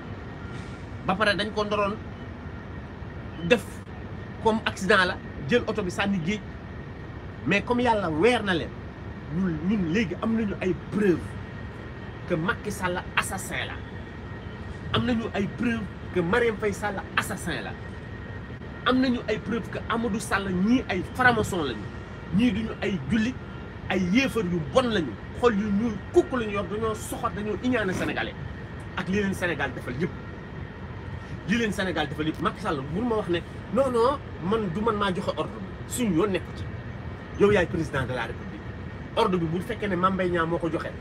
ba pare dañ ko ndoroon def comme accident la jël oto bi sànni géej mais comme yàlla weer na leen ñun léegi am nañu ay preuve que Macky Sall assassin là am nañu ay preuve que Mariam Faye Sall assassin là am nañu ay preuve que Amadou Sall ñi ay franc-maçon lañu ñi duñu ay jullit ay yéfer yu bon lañu xol yu ñuul kukk lañu yor dañoo soxat dañoo iñaane sénégalais ak li leen Sénégal defal yëpp li leen Sénégal defal yëpp Macky Sall mun ma wax ne non non man du man ma joxe ordre suñu yoon nekku ci yow yaay président de la république ordre bi bu fekkee ne Mame Niang moo ko joxe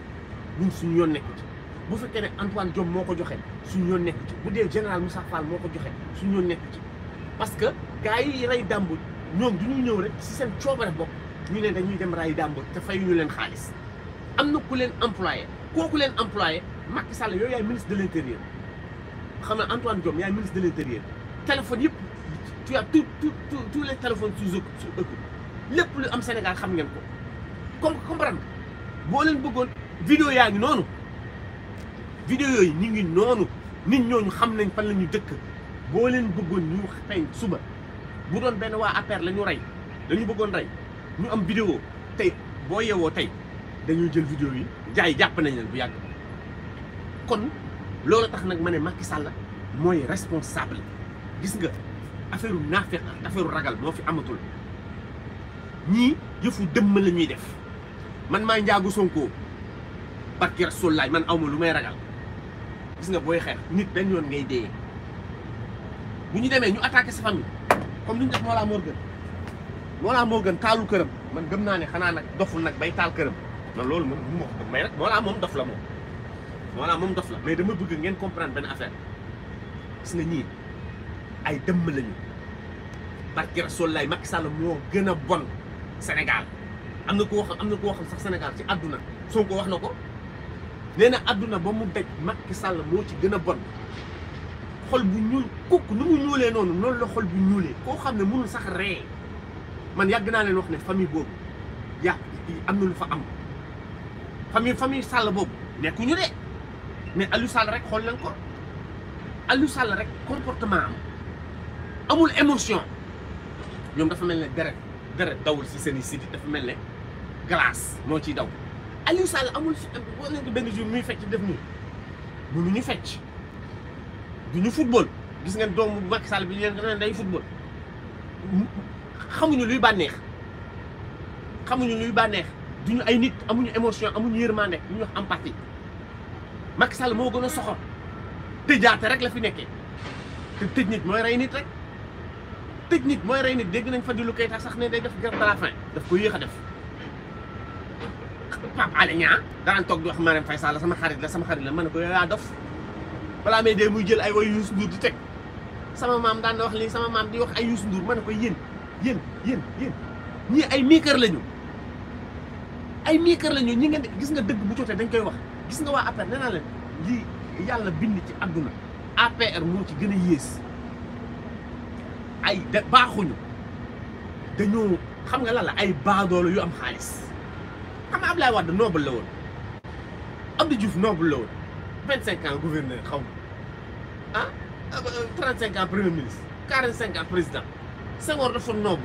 ñun suñu yoon nekku ci bu fekkee ne Antoine Diome moo ko joxe suñu yoon nekku ci bu dee général Moussa Fall moo ko joxe suñu yoon nekku parce que gars yi rey dàmbul ñoom du ñuy ñëw rek si seen coobare bokk ñu ne dañuy dem rey dàmbul te ñu leen xaalis am na ku leen employé kooku leen employé Macky Sall yooyu yaay ministre de l' intérieur xam ne Antoine Diome yaay ministre de l' intérieur téléphone yëpp tu tout tout tous les téléphones sous écoute lépp lu am Sénégal xam ngeen ko comme comprendre boo leen bëggoon. vidéo yaa ngi noonu vidéo yooyu ñu ngi noonu nit ñooñu xam nañ fan lañu ñu dëkk boo leen bëggoon ñu tey suba bu doon benn waa APR la ñu rey dañu bëggoon rey ñu am vidéo tey boo yeewoo tey dañuy jël vidéo yi jaay jàpp nañ leen bu yàgg kon loolu tax nag ma ne Macky Sall mooy responsable gis nga affaire u naafeq affaire ragal moo fi amatul ñii yëfu dëmm lañuy def man maay njaagu Sonko barke Rasulaay man awma lu may ragal gis nga booy xeex nit benn yoon ngay dee bu ñu demee ñu attaqué sa famille comme li ñu def Mollah Morgun Mollah Morgun taalu këram man gëm naa ne xanaa nag doful nag bay taal këram man loolu moom bu ma ko may rek Mollah moom dof la moom Mollah moom dof la mais dama bëgg ngeen comprendre benn affaire gis nga ñii ay dëmm lañu barke Rasulaay Macky Sall moo gën a bon Sénégal am na ko wax am na ko wax sax Sénégal ci àdduna Sonko wax na ko nee aduna ba mu daj Sall ci gëna a bon xol bu ñuul kukk nu mu ñuulee non la xol bu ñuulee ko xam mënul sax ré man wax famille boobu ya amna lu fa am famille famille Sall boobu ñu de mais Aliou Sall rek xol lan ko Aliou Sall rek comportement am amul émotion ñom dafa melni ne deret dawul si seen i dafa mel glace mo ci daw Aliou Sall amul fi war nañ ko benn jour muy fecc def nii mu ñu fecc duñu football gis ngeen doomu Macky Sall bi leen ren day football xamuñu luy banex xamuñu luy banex duñu ay nit amuñu émotion amuñu yermane ñu wax empathie Macky Sall mo gën a te tëjaate rek la fi nekké te tej nit moy ray nit rek tej nit moy ray nit dégg nañ fa di lu kay tax sax ne day def garde à la fin daf ko yéex def. Pape Alé Niang daan toog di wax sama xarit sama xarit la ma ne ko yow yaa dof ay sama maam daan sama maam di wax ay Youssou Ndour ma ne ko yéen yéen yéen yéen ñii ay miikar lañu ay miikar lañu ñi ngeen gis nga dëgg bu jotee dañ koy wax gis nga waa APR nee naa leen lii yàlla bind ci àdduna APR da baaxuñu dañoo xam nga lan la ay baadoolo yu am xaalis Je suis Wade noble noble 25 ans gouverneur 35 ah, ans premier ministre 45 ans président c'est un noble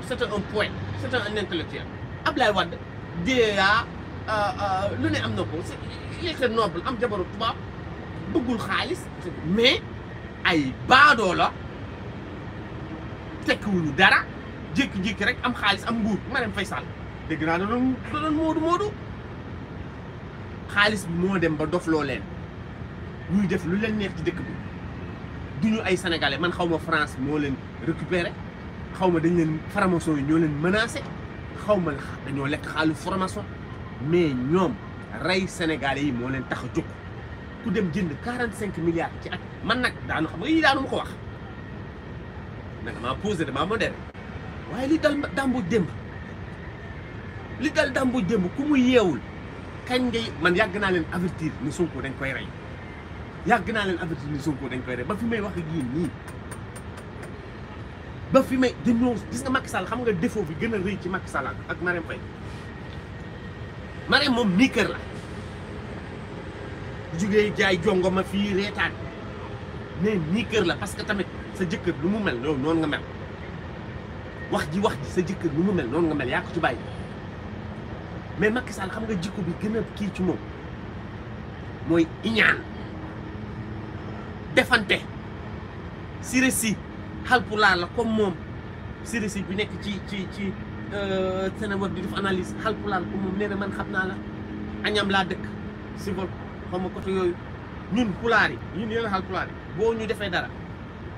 c'est un point, c'est un intellectuel Abdoulaye Wade déjà Euh, euh ne il noble mais ay baadoo la pas dara qui rek am am dégg naa da doon da doon moodu moodu xaalis bi moo dem ba dof loo leen ñuy def lu leen neex ci dëkk bi duñu ay sénégalais man xaw ma France moo leen récupéré xaw ma dañ leen franc-maçon yi ñoo xaw ma dañoo lekk xaalis franc mais ñoom rey sénégalais yi moo leen tax a jóg ku dem jënd quarante cinq milliards ci at man nag daanu xam nga yii daanu ma ko wax nag maa posé damaa moderne waaye li dal Dame démb li dal Dame Mbodj démb ku mu yeewul kañ ngay man yàgg naa leen avertir ni Sonko dañ koy rey yàgg naa leen avertir ni Sonko dañ koy rey ba fi may wax ak yéen nii ba fi may dañoo gis nga Macky Sall xam nga défaut bi gën a rëy ci Macky Sall ak Marème Faye Marème moom mii kër la jugee jaay jongoma fii reetaan ne nii kër la parce que tamit sa jëkkër lu mu mel loolu noonu nga mel wax ji wax ji sa jëkkër lu mu mel noonu nga mel yaa ko ci bàyyi. mais Macky Sall xam nga jikko bi gën a kii ci moom mooy iñaan defante siré si xalpulaar la comme moom siré si bi nekk ci ci ci euh, Sénégal di def analise xalpulaar la moom nee man xam naa la añam laa dëkk si vol xaw ma côté yooyu ñun pulaar yi ñun yéen xalpulaar yi boo ñu defee dara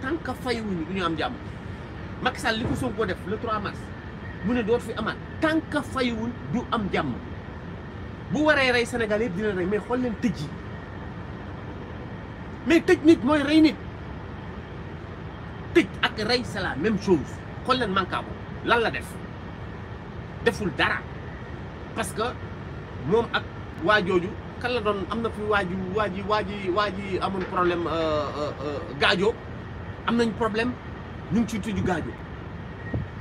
tant que fayuñu du ñu am jàmm Macky li ko Sonko def le 3 mars mu ne dootu fi amaat tant faywul du am jàmm bu waree rey Sénégal yëpp dina rey mais xool leen tëj yi mais tëj nit mooy rey nit tëj ak rey c'est la même chose xool leen Mankabo lan la def deful dara parce que moom ak waa jooju kan la doon am na fi waa ji waa ji waa ji waa ji amoon problème euh, euh, euh, gaajo am nañ problème ñu ngi ciy tuju gaajo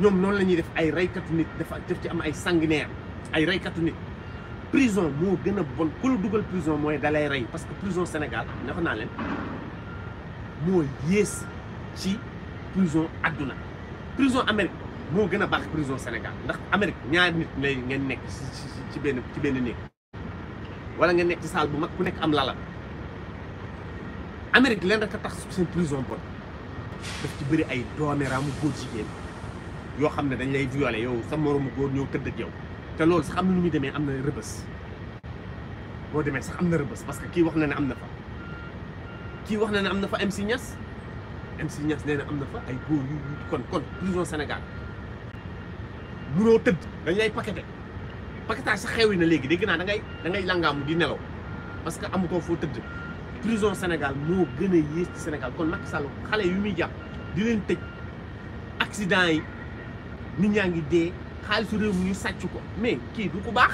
ñom non lañuy def ay ray reykatu nit dafa def ci am ay sanguinaire ay ray reykatu nit prison mo gën a bon ku la dugal prison moy dalay ray parce que prison Sénégal dafa na len moy yes ci prison aduna prison Amérique mo gën bax prison Sénégal ndax Amérique ñaar nit lay ngeen nekk ci ben ci ben néeg wala nga nekk ci salle bu mag ku nekk am lalam Amérique len rek a tax seen prison bon daf ci bëri ay doomeraam góor jigéen yoo xam ne dañ lay violer yow sa moromu góor ñoo tëdd ak yow te loolu sax am na nu muy demee am na rëbës boo demee sax am na rëbës parce que kii wax na ne am na fa kii wax na ne am na fa MC Niass MC Niass nee na am na fa ay góor yu kon kon prison Sénégal munoo tëdd dañ lay paqueté paquetage sax xewi na léegi dégg naa da ngay da ngay di nelaw parce que amutoo foo tëdd prison Sénégal moo gën a yées ci Sénégal kon Macky Sall xale yu muy jàpp di leen tëj accident yi nit ñaa ngi dee xaalisu réew mi ñu sàcc ko mais kii du ku baax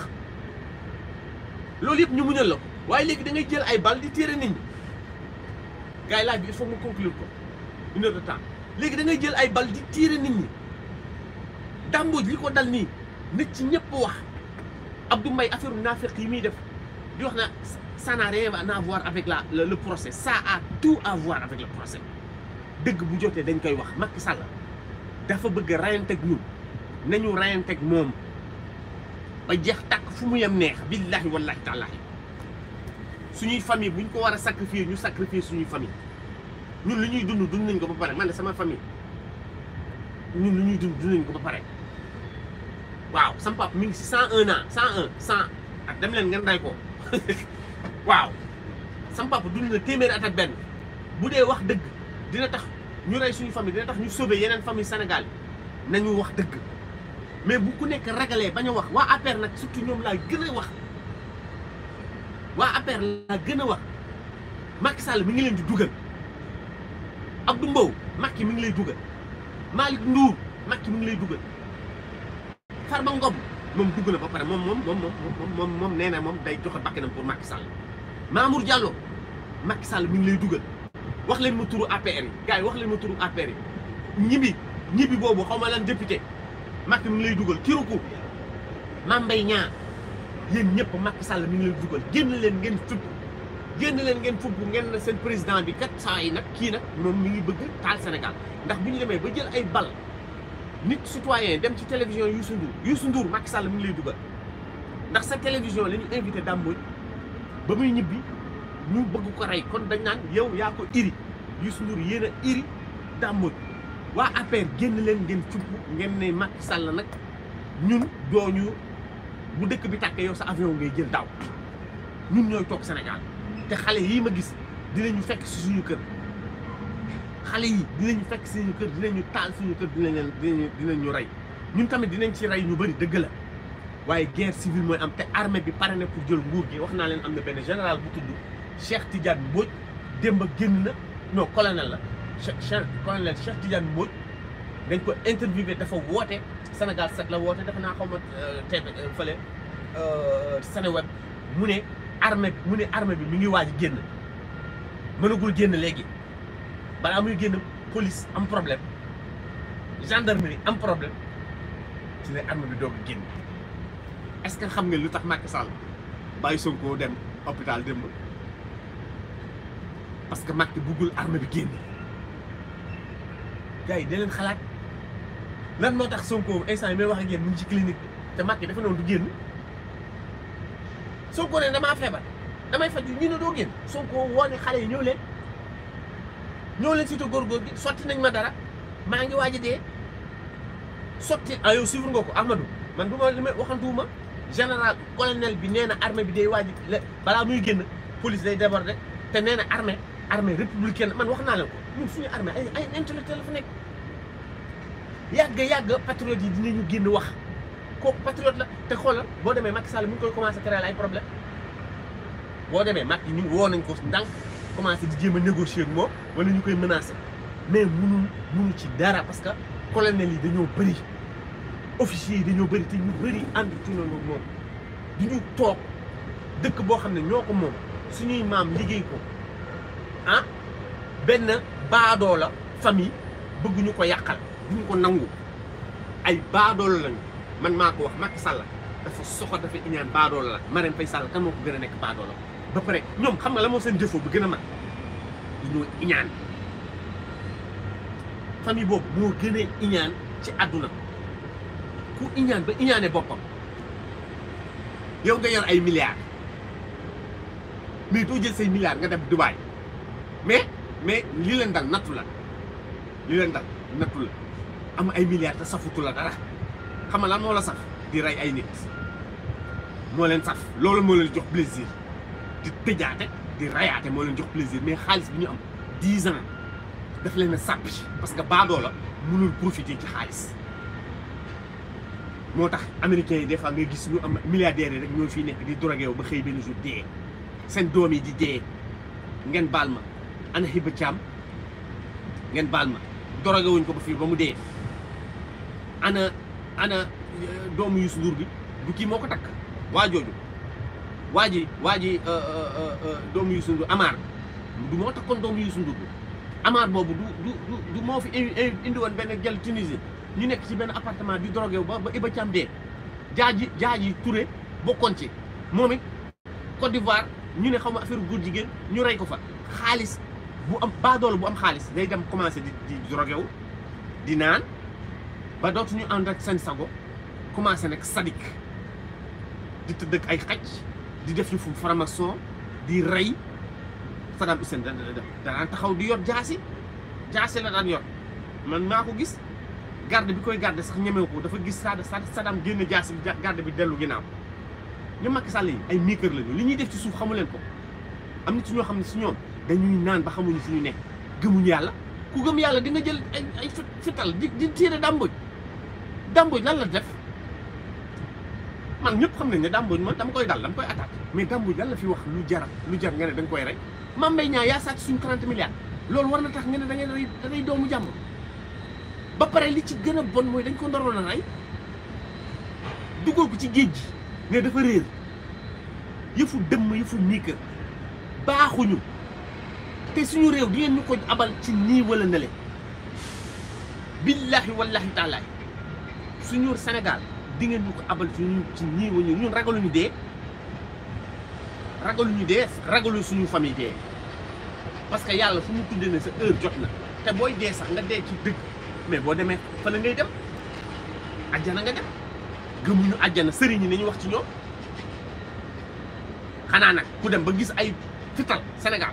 loolu yëpp ñu muñal la ko waaye léegi da ngay jël ay bal di téere nit ñi gars bi il faut mu ko une temps léegi da ngay jël ay bal téere nit ñi dàmbooj li ko dal nii nit ci ñëpp wax Abdou Mbaye affaire naafiq yi muy def di wax na ça n'a rien à voir avec la le procès ça a tout à voir avec le procès dëgg bu jotee dañ koy wax Macky Sall dafa bëgg rayanteeg ñun nañu reyanteeg moom ba jeex takk fu mu yem neex billahi wallahi tàllahi suñuy famille buñ ko war a sacrifier ñu sacrifier suñuy famille ñun lu ñuy dund dund nañ ko ba pare man de sama famille ñun lu ñuy dund dund nañ ko ba pare waaw sama papa mi ngi san 101 ans 101 100 ak dem leen ngeen rey ko waaw sama papa dund na téeméeri at ak benn bu dee wax dëgg dina tax ñu rey suñu famille dina tax ñu sauver yeneen famille senegal nañu wax dëgg. mais bu ku nek ragalee baña wax wa APR nak surtout ñom la gëna wax wa APR la gëna wax Macky Sall mi ngi leen di duggal Abdou Mbow Macky mi ngi lay duggal Malik Ndour Macky mi ngi lay duggal Farba Ngom moom dugg na ba pare mom mom mom mom mom mom néna mom day joxe bakkanam pour Macky Sall Mamour Diallo Macky Sall mi ngi lay duggal wax leen mu turu APR gaay wax leen mu turu APR ñibi ñibi bobu xawma lan député Macky mi ngi lay dugal tiru ko Mame Mbaye Niang yéen ñëpp Macky Sall mi ngi lay dugal génn leen ngeen fubb génn leen ngeen fubb ngeen ne seen président bi kat saa yi nag kii nag moom mi ngi bëgg taal Sénégal ndax bu ñu demee ba jël ay bal nit citoyen dem ci télévision Youssou Ndour Youssou Ndour Macky sàll mi ngi lay dugal ndax sa télévision la ñu invité Dame Mbodj ba muy ñibbi ñu bëgg ko rey kon dañ naan yow yaa ko iri Youssou Ndour yéen a iri Dame wa APR genn len genn fupp genn ne Macky Sall nak ñun doñu bu dekk bi tàkkee yow sa avion ngay jël daw ñun ñoy tok Sénégal té xalé yi ma gis dinañu fekk si suñu kër xalé yi dinañu fekk suñu kër dinañu tal suñu kër dinañu dinañu ray ñun tamit dinañ ci ray ñu bari deug la waye guerre civile moy am té armée bi pare na pour jël nguur gi waxna len leen am na benn général bu tudd Cheikh Tidiane Mbodj démb genn na non colonel la Cheikh colonel Cheikh Tidiane Mbodj dañ ko interviewé dafa woote Sénégal set la woote dafa naa xaw ma euh, TV euh, fële euh, Seneweb mu ne armée mu ne armée bi mu ngi waaj génn mënagul génn léegi balaa muy génn police am problème gendarmerie am problème ci ne armée bi doog génn est-ce que xam nga lu tax Macky Sall bàyyi Sonko dem hôpital démb parce que Macky buggul armée bi génn. gars yi xalaat lan moo tax Sonko instant yi may wax a yéen mu ci clinique te Macky dafa noonu du génn Sonko ne damaa feebar damay faj ñu ne doo génn Sonko woo xale yi ñëw leen ñëw leen surtout góorgóor gi sotti nañ ma dara maa ngi waaj a dee sotti ah yow suivre nga ko Amadou man du ma li may waxantuwuma général colonel bi nee na armée bi day waaj balaa muy génn police day déborder te nee na armée armée républicaine man wax naa leen ko. ñun suñu armée ay ay intellectuel la fa nekk yàgg yàgg patriote yi dinañu génn wax kooku patriote la te xoolal boo demee Macky Sall mu ngi koy commencé créer ay problème boo demee Macky ñu woo nañ ko ndànk commencé di jéem a négocier ak moom wala ñu koy menacé mais munu munu ci dara parce que colonel yi dañoo bëri officiers yi dañoo bëri te ñu bëri ànd tuunañu moom du ñu toog dëkk boo xam ne ñoo ko moom suñuy maam liggéey ko ah baadoo la famille bëgguñu ko yàqal duñ ko nangu ay baadoo la lañu man maa ko wax Macky Sall dafa soxor dafa iñaan baadoo la la Marème Faye Sall kan moo ko gën a nekk baadoo la ba pare ñoom xam nga la moo seen jëfoo bu gën a mag dañoo iñaan famille boobu moo gën a iñaan ci àdduna ku iñaan ba iñaane boppam yow nga yor ay milliards mais doo jël say milliards nga dem Dubaï mais li leen dal nattu la li leen dal nattu la am ay milliards te safutu la dara xam nga lan moo la saf di rey ay nit moo leen saf loolu moo leen jox plaisir di tëjaate di reyaate moo leen jox plaisir mais xaalis bi ñu am dix ans daf leen a sàppi parce que baadoo la mënul profiter ci xaalis moo tax américains yi des fois ngay gis ñu am milliardaires yi rek ñoo fi nekk di drogué wu ba xëy benn jour dee seen doom yi di dee ngeen baal ma ana Hiba Thiam ngeen baal ma dorogé wuñ ko ba fii ba mu dee ana ana euh, doomu Youssou Ndour bi du kii moo ko takk waa jooju waa ji waa ji euh, euh, doomu Youssou Ndour Amar du moo takkoon doomu Youssou Ndour bi Amar boobu du du moo fi indi woon benn gel Tunisie ñu nekk ci benn apartement di drogué ba ba Iba Thiam dee jaaji jaaji Touré bokkoon ci moom it Côte d'Ivoire ñu ne xaw ma affaire góor jigéen ñu rey ko fa xaalis bu am baadoolo bu am xaalis day dem commencé di di drogué wu di naan ba dootuñu ànd ak seen sago commencé nag sadik di tëdd ak ay xaj di def ñu fu formation di rey Saddam Hussein da daan taxaw di yor jaasi jaasi la daan yor man maa ko gis garde bi koy garde sax ñemew ko dafa gis Saddam Saddam génn jaasi bi garde bi dellu ginnaaw ñu Macky Sall yi ay miikër lañu li ñuy def ci suuf xamu leen ko am na ci ñoo xam ne si ñoom dañuy naan ba xamuñu fu ñu ne gëmuñu yàlla ku gëm yàlla di nga jël ay ay fital di di tiire dàmboj dàmboj lan la def man ñëpp xam nañ ne dàmboj man dama koy dal dama koy attaque mais dàmboj lan la fi wax lu jara lu jar nga ne da nga koy rey Mame ñaa Niang yaa sàcc suñu 30 milliards loolu war na tax nga ne da ngay rey da ngay doomu jàmm ba pare li ci gën a bon mooy dañ ko ndoroon a rey dugal ko ci géej gi ne dafa réer yëfu dëmm yëfu niika baaxuñu te suñu réew di ngeen ñu ko abal ci nii wala nele billahi wallahi taalaay suñu Sénégal di ngeen ñu ko abal ci ñun ci nii wala ñun ragaluñu dee ragaluñu dee ragalu suñu famille dee parce que yàlla fu mu tuddee sa heure jot na te booy dee sax nga dee ci dëgg mais boo demee fa ngay dem ajjana nga dem gëmuñu ajjana sëriñ yi nañu wax ci ñoom xanaa nag ku dem ba gis ay fital Sénégal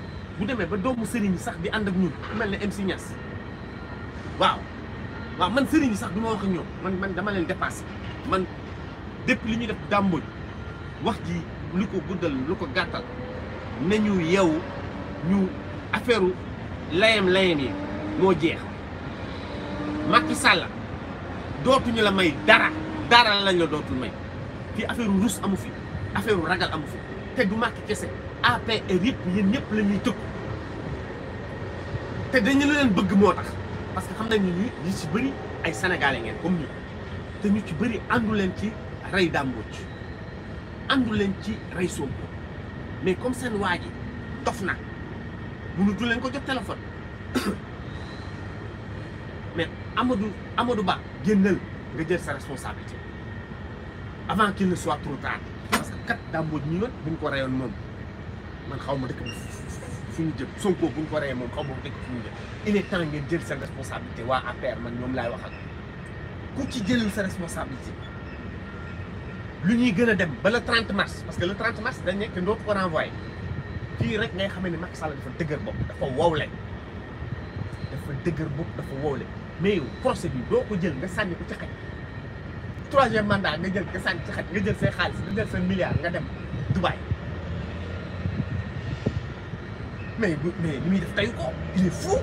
bu démé ba doomu sëriñ sax di and ak ñun melni MC Niass waaw waaw man sëriñ sax duma wax ak ñoom man man dama leen dépassé man dépp li ñu def dàmbuñ wax ji lu ko guddal lu ko gattal nañu yew ñu affaireu layam layam yi mo jeex Macky Sall ñu la may dara dara lañ la dootul may fi affaireu rus amu fi affaireu ragal amu fi té du Macky kese. APR ah, yëpp yéen ñëpp la ñuy tëkk té dañu leen bëgg motax parce que xam nañ ne li ci bëri ay sénégalais ngeen comme ñu té ñu ci bëri andu leen ci ray dàmbooc andu leen ci ray Sonko mais comme seen waa ji dof na mënutu leen ko jot téléphone mais Amadou Amadou Ba génnal nga jël sa responsabilité avant qu'il ne soit trop tard parce que kat dàmbooc ñu won buñ ko rayon moom man xaw ma dëkk bi fu ñu jëm Sonko bu ñu ko reyee moom xaw ma dëkk fu ñu jëm il est temps ngeen jël seen responsabilité waa APR man ñoom laay wax ak ku ci jëlul sa responsabilité lu ñuy gën a dem ba le 30 mars parce que le 30 mars dañ nekk dootu ko renvoyé kii rek ngay xamee ne Macky Sall dafa dëgër bopp dafa wow leen dafa dëgër bopp dafa wow leen mais yow procès bi doo ko jël nga sànni ko ci xaj troisième mandat nga jël nga sànni ci xaj nga jël say xaalis nga jël sa milliard nga dem Dubaï. mais mais li muy def tayu ko il est fou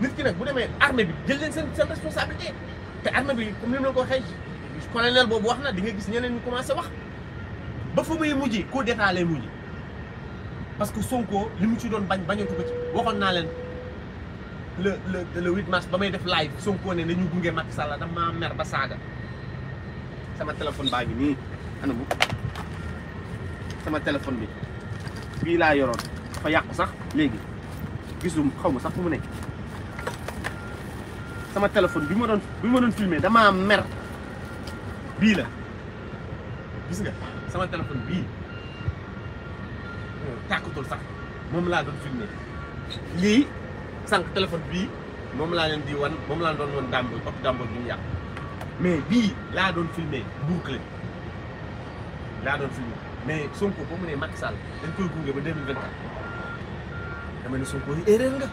nit ki nag bu demee armée bi jël leen seen seen responsabilité te armée bi comme ni ma la ko waxee colonel boobu wax na di nga gis ñeneen ñu commencé wax ba fa muy mujj coup d'état lay mujj parce que Sonko li mu ci doon bañ bañatu ko ci waxoon naa leen le le le 8 mars ba may def live Sonko ne nañu gunge Macky Sall dama mer ba saaga sama téléphone baa ngi nii ana mu sama téléphone bi bii laa yoroon. dafa yàqu sax léegi gisum xaw ma sax fu mu nekk sama téléphone bi ma doon bi ma doon filmer damaa mer bii la gis nga sama téléphone bii hmm, tàkkutul sax moom laa doon filmer lii sànq téléphone bii moom laa leen di wan moom laa doon wan dàmb op dàmb bi mu yàq mais bii laa doon filmer boucle laa doon filmer mais Sonko ba mu ne Macky Sall dañ koy gunge ba 2024 damay ne Sonko yi erreur nga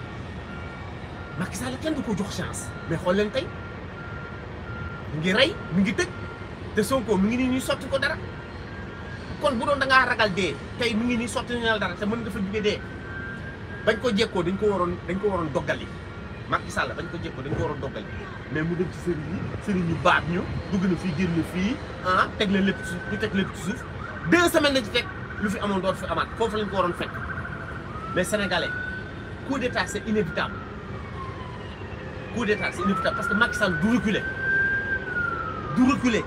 Macky Sall kenn du ko jox chance mais xool leen tey mu ngi rey mu ngi tëj te Sonko mu ngi nii ñuy sotti ko dara kon bu doon da ngaa ragal dee tey mu ngi nii sotti nañu dara te mën nga fa dee bañ koo jekkoo dañ ko waroon dañ ko waroon doggali Macky Sall bañ ko jekkoo dañ ko waroon doggali mais mu dem ci sëriñ yi sëriñ ñu baat ñu dugg na fii génn fii ah teg la lépp teg lépp ci suuf deux semaines la ci teg lu fi amoon dootu fi amaat foofu lañ ko waroon fekk mais sénégalais. coup d'état c'est inévitable coup d'état c'est inévitable parce que Macky Sall du reculer du reculer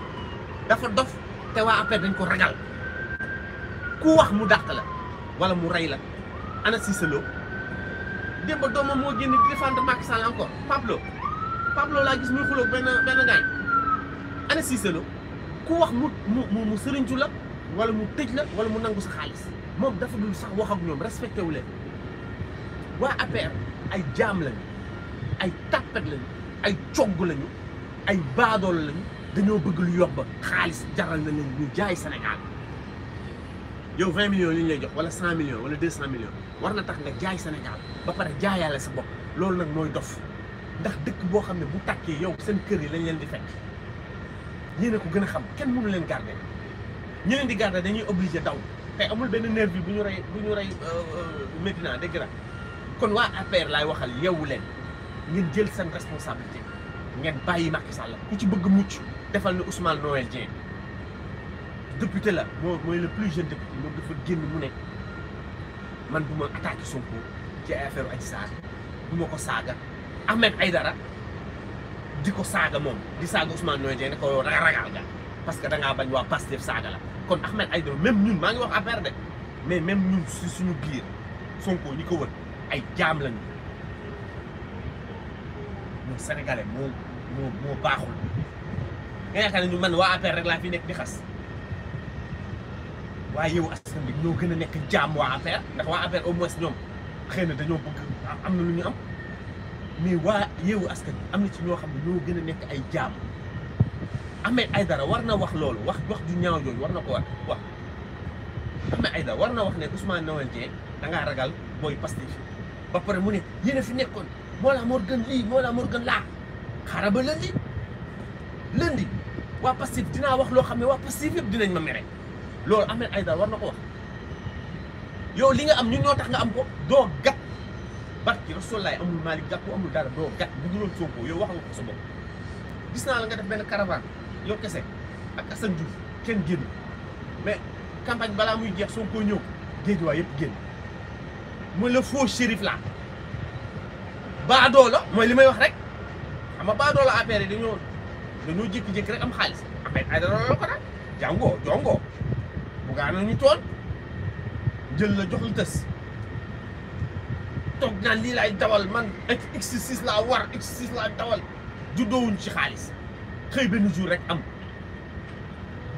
dafa dof té wa APR dañ ko ragal ku wax mu dàq la wala mu ray la ana sisselo Lo démb doomam moo di défendre Macky Sall encore Pablo Pablo la gis muy xulo ben ben gaay ana sisselo ku wax mu mu mu serigne la wala mu tejj la wala mu nangu sa xaalis mom dafa dul sax wax ak ñom respecté wu leen. waa APR ay jaam lañu ay tàppet lañu ay cogg lañu ay baadool lañu dañoo bëgg lu yobba xaalis jaral na leen ñu jaay Sénégal yow 20 millions li ñu lay jox wala 100 millions wala 200 millions war na tax nga jaay Sénégal ba pare jaayaale sa bopp loolu nag mooy dof ndax dëkk boo xam ne bu tàkkee yow seen kër yi lañ leen di fekk yéen ko gën a xam kenn mënu leen garder ñi di garder dañuy obligé daw te amul benn nervi bu ñu rey bu ñu rey euh, euh, Medina dégg nga kon waa APR laay waxal yeewu leen ngeen jël seen responsabilité ngeen bàyyi Macky Sall ku ci bëgg mucc defal ne Ousmane Noël Dieng député la moo mooy le plus jeune député moom dafa génn mu ne man du ma attaqué Sonko ci affaire Adji Sarr du ma ko saaga Ahmed Aïdara di ko saaga moom di saaga Ousmane Noël Dieng ne ko yow danga ragal ga parce que dangaa bañ waa Pastef saaga la kon Ahmed Aïdara même ñun maa ngi wax affaire de mais même ñun si suñu biir Sonko ñi ko ay jaam lañu ñun sénégalais moo moo moo baaxul nga yaakaar ne ñu man waa APR rek laa fi nekk di xas waaye yow askan bi ñoo gën a nekk jaam waa APR ndax waa APR au moins ñoom xëy na dañoo bëgg am na lu ñu am mais waa yow askan am na ci ñoo xam ne ñoo gën a nekk ay jaam Ahmed Aïdara war na wax loolu wax wax ju ñaaw jooju war na ko war wax Ahmed Aïdara war na wax ne Ousmane Noël Dieng da ngaa ragal booy Pastef ba pare mu ne yéen fi nekkon mo la Morgan gën lii la Morgan gën laa xaaral ba lendi lendi wa passif dina wax lo xamé wa passif yeb dinañ ma lool amel ay dal war nako wax yow li nga am ñun ñotax nga am ko do gat barki rasulallah amul Malick Gakou amul dara do gat bu duloon Sonko yow wax nga ko sa bopp gis na la nga def ben caravan yow kese ak Assane Diouf kenn génn mais campagne bala muy jeex Sonko ñew géej wa yëpp génn moy le faux shérif la baadoola la moy limay wax rek xam nga la affaire yi dañoo jik jékki-jékki rek am xaliss xaalis ay Aïdara lo ko jango jongo bu ga na ñu toon jël la jox lu tës tok na li lay dawal man exercice la war exercice la dawal juddo wuñ ci xaliss xëy benn jour rek am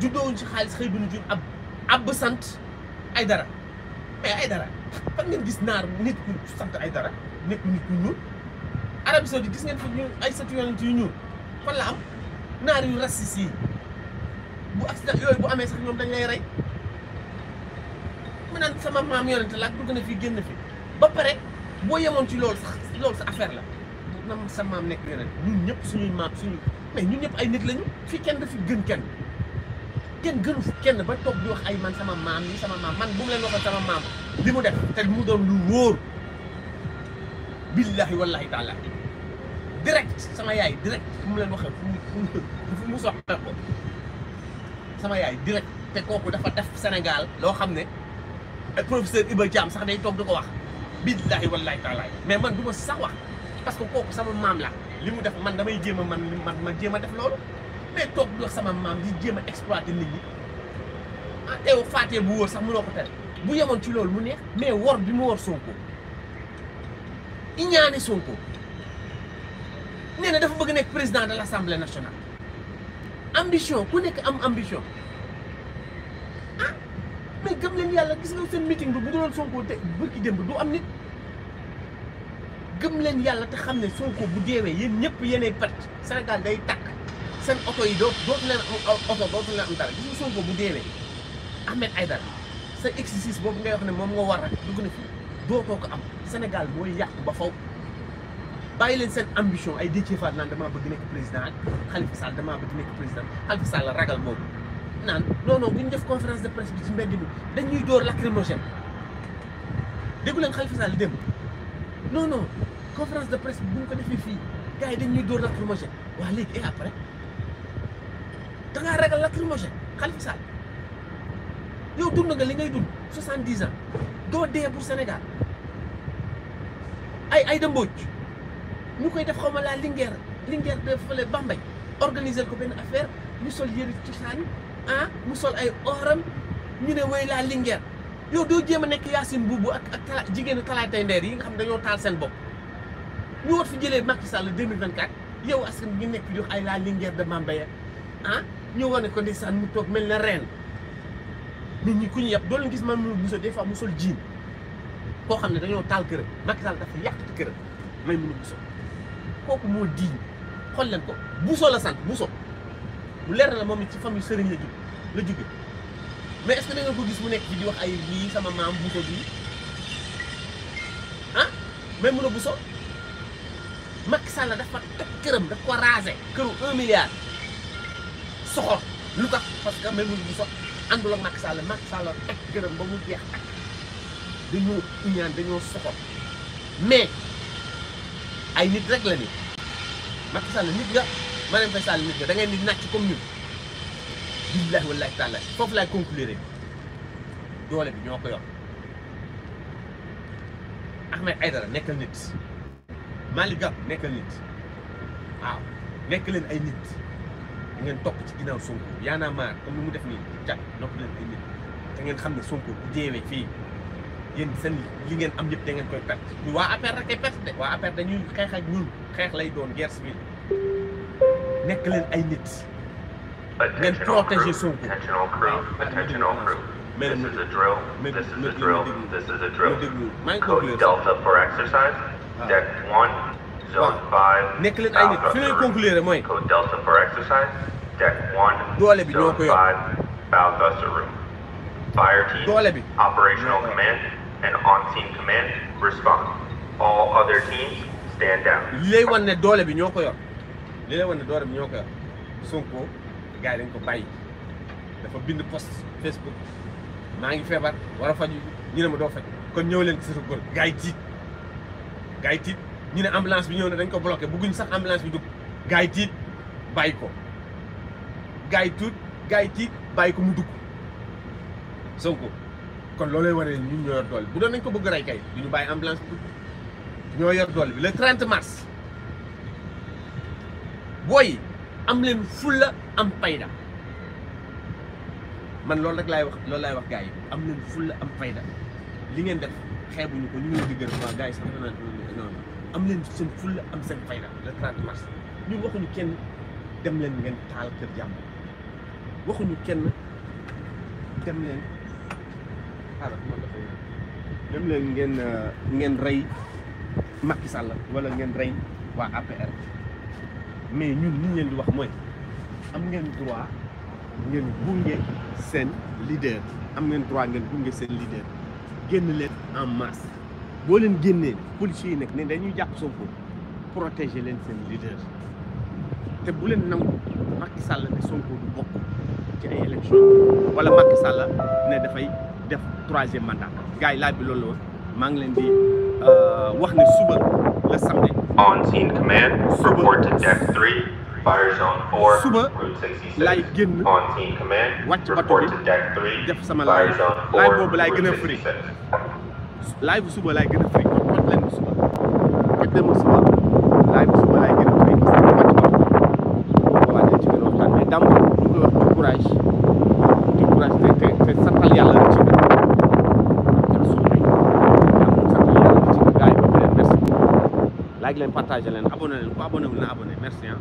juddo wuñ ci xaliss xëy benn jour ab ab sante ay dara mais dara fan ngeen gis naar nit ku sant ay dara nekk nit ku ñuul Arabie Saoudite gis ngeen fa ñu ay sëtu yu ñuul fan la am naar yu rasis yi bu accident yooyu bu amee sax ñoom dañ lay rey mu naan sama maam yonent la ak dugg na fi génn fi ba pare boo yemoon ci loolu sax loolu sa affaire la nam sa maam nekk yonent ñun ñëpp suñuy maam suñu mais ñun ñëpp ay nit lañu fi kenn dafi gën kenn kenn gënu fi kenn ba toog di wax ay man sama maam yi sama maam man bu mu leen waxoon sama maam li mu def te mu doon lu wóor billahi wallahi taala direct sama yaay direct mu leen waxee fu mu fu mu soxla ko sama yaay direct te kooku dafa def senegal loo xam ne professeur Iba Thiam sax day toog di ko wax billahi wallahi taala mais man du ma sax wax parce que kooku sama maam la li mu def man damay jéem a man man ma jéem a def loolu mais toog di wax sama maam di jéem a exploiter nit ñi ah teew faatee bu wóor sax mënoo ko tere bu yemoon ci loolu mu neex mais wor bi mu wor Sonko iñaane Sonko nee na dafa bëgg nekk président de la l'Assemblée nationale ambition ku nekk am ambition ah mais gëm leen yàlla gis nga seen meeting bi bu doon Sonko te bëgg démb du am nit gëm leen yàlla te xam ne Sonko bu deewee yéen ñëpp yéenay perte Sénégal day takk seen oto yi doo dootu leen am oto dootu leen am dara gis nga Sonko bu deewee Ahmed aydal C'est exercice bobu ngay wax ne nga war dugg na fi dootoo am Sénégal mooy yak ba faw bàyyi leen ambition ay Déthié bëgg nek président Khalifa Sall dama bëgg nek président Khalifa Sall ragal mom nan non non bu def conférence de presse bi ci mbéddi dañuy door lacrymogène déggu Khalifa Sall dem non non conférence de presse buñ ko defee fi gars yi dañuy door lacrymogène wa léegi et après da nga ragal lacrymogène Khalifa Sall yow dund nga li ngay dund soixante-dix ans doo dee pour Sénégal ay ay dëmbooj ñu koy def xaw ma laa Linguère Linguère de fële Bambey organiser ko benn affaire ñu sol yëri cosaan ah mu sol ay oram ñu ne woy laa Linguère yow doo jéem a nekk Yacine Boubou ak ak tala jigéenu talaatay ndeer yi nga xam dañoo taal seen bopp ñu war fi jëlee Macky Sall 2024 yow askan bi nekk di ay laa Linguère de Bambey ah ñu wane ko ndeysaan mu toog mel na reen nit ñi ku ñu yàpp doo leen gis Mamour Bousso des fois mu sol jiin koo xam ne dañoo taal këram Macky Sall dafa yàq këram Mamour Bousso kooku moo diiñ xool leen ko Bousso la sant Bousso mu leer na la moom ci famille sëriñ la jóg la jóge mais est ko gis mu nekk bi di wax ay lii sama maam Bousso bii ah Mamour Bousso Macky Sall dafa toj këram daf ko raser këru un milliard soxor lu tax parce que Mamour Bousso àndul ak Macky Sall Macky Sall ak gërëm ba mu jeex ak dañoo iñaan dañoo soxor mais ay nit rek la ni Macky Sall nit nga Marième nit nga da ngeen di nàcc comme ñun billahi wallahi taala foofu laay conclure doole bi ñoo koyo yor Ahmed Aidara nekkal nit Malick Gakou nekkal nit waaw nekk leen ay nit ngeen topp ci ginnaaw Sonko Y'en a marre comme ni mu def nii cat nopp leen ay nit te ngeen xam ne Sonko bu jeewee fii yéen seen li ngeen am yëpp da ngeen koy perte ñu waa APR rek ay perte de waa APR dañuy xeex ak ñun xeex lay doon guerre civile nekk leen ay nit ngeen protéger Sonko This is a drill. This is a drill. This is a drill. Code Delta for exercise. Ah. Deck one. waaw nekk leen ay nit fi lay conclure mooy doole bi ñoo ko yor doole bi. operational li lay wan ne doole bi ñoo ko yor li lay wan ko yor bàyyi dafa bind post Facebook maa ngi feebar war a faju ñu ne ma doo faj kon ñëw leen ci sa góor gars tiit. ñu ne ambulance bi ñëw ne dañ ko bloqué bëgguñ sax ambulance bi dugg gars yi tiit bàyyi ko gars yi tuut gars yi tiit bàyyi ko mu dugg Sonko kon loolooy waree ñun ñoo yor doole bi bu doon nañ ko bëgg rey du ñu bàyyi ambulance bi ñoo yor doole bi le 30 mars booy am leen fulla am payda man loolu rek laay wax loolu laay wax gaay yi am leen fulla am payda li ngeen def xeebuñu ko ñu ngi leen di gërëm waa gars yi sax dana noonu. am leen seen fulla am seen fayda le 30 mars ñun waxuñu kenn dem leen ngeen taal kër jàmm waxuñu kenn dem leen xaaral man dafay dem leen ngeen euh, ngeen rey Macky Sall wala ngeen rey waa APR mais ñun ñu leen di wax mooy am ngeen droit ngeen gunge seen leader am ngeen droit ngeen gunge seen leader génn leen en masse. boo leen génnee policiers yi nag ne dañuy jàpp Sonko protéger leen seen leader te bu leen nangu Macky Sall ne Sonko du bokk ci ay élection wala Macky Sall ne dafay def troisième mandat gaa yi laaj bi loolu la woon maa ngi leen di euh, wax ne suba la samedi. on scene command. report to deck suba laay génn wàcc bato def sama laay laay boobu laay gën a live bu suba laay gën a firi kon kon leen ma suba kon leen ma suba live bu suba laay gën a firi parce que fàcc ko voilà dañ ci gën a waxtaan mais dama ñu koy wax du courage du courage te te te santal yàlla la ci gën kon suñu ñun dama santal yàlla la ci gars yi ba beneen merci laaj leen partagé leen abonné leen ku abonné wul na abonné merci ah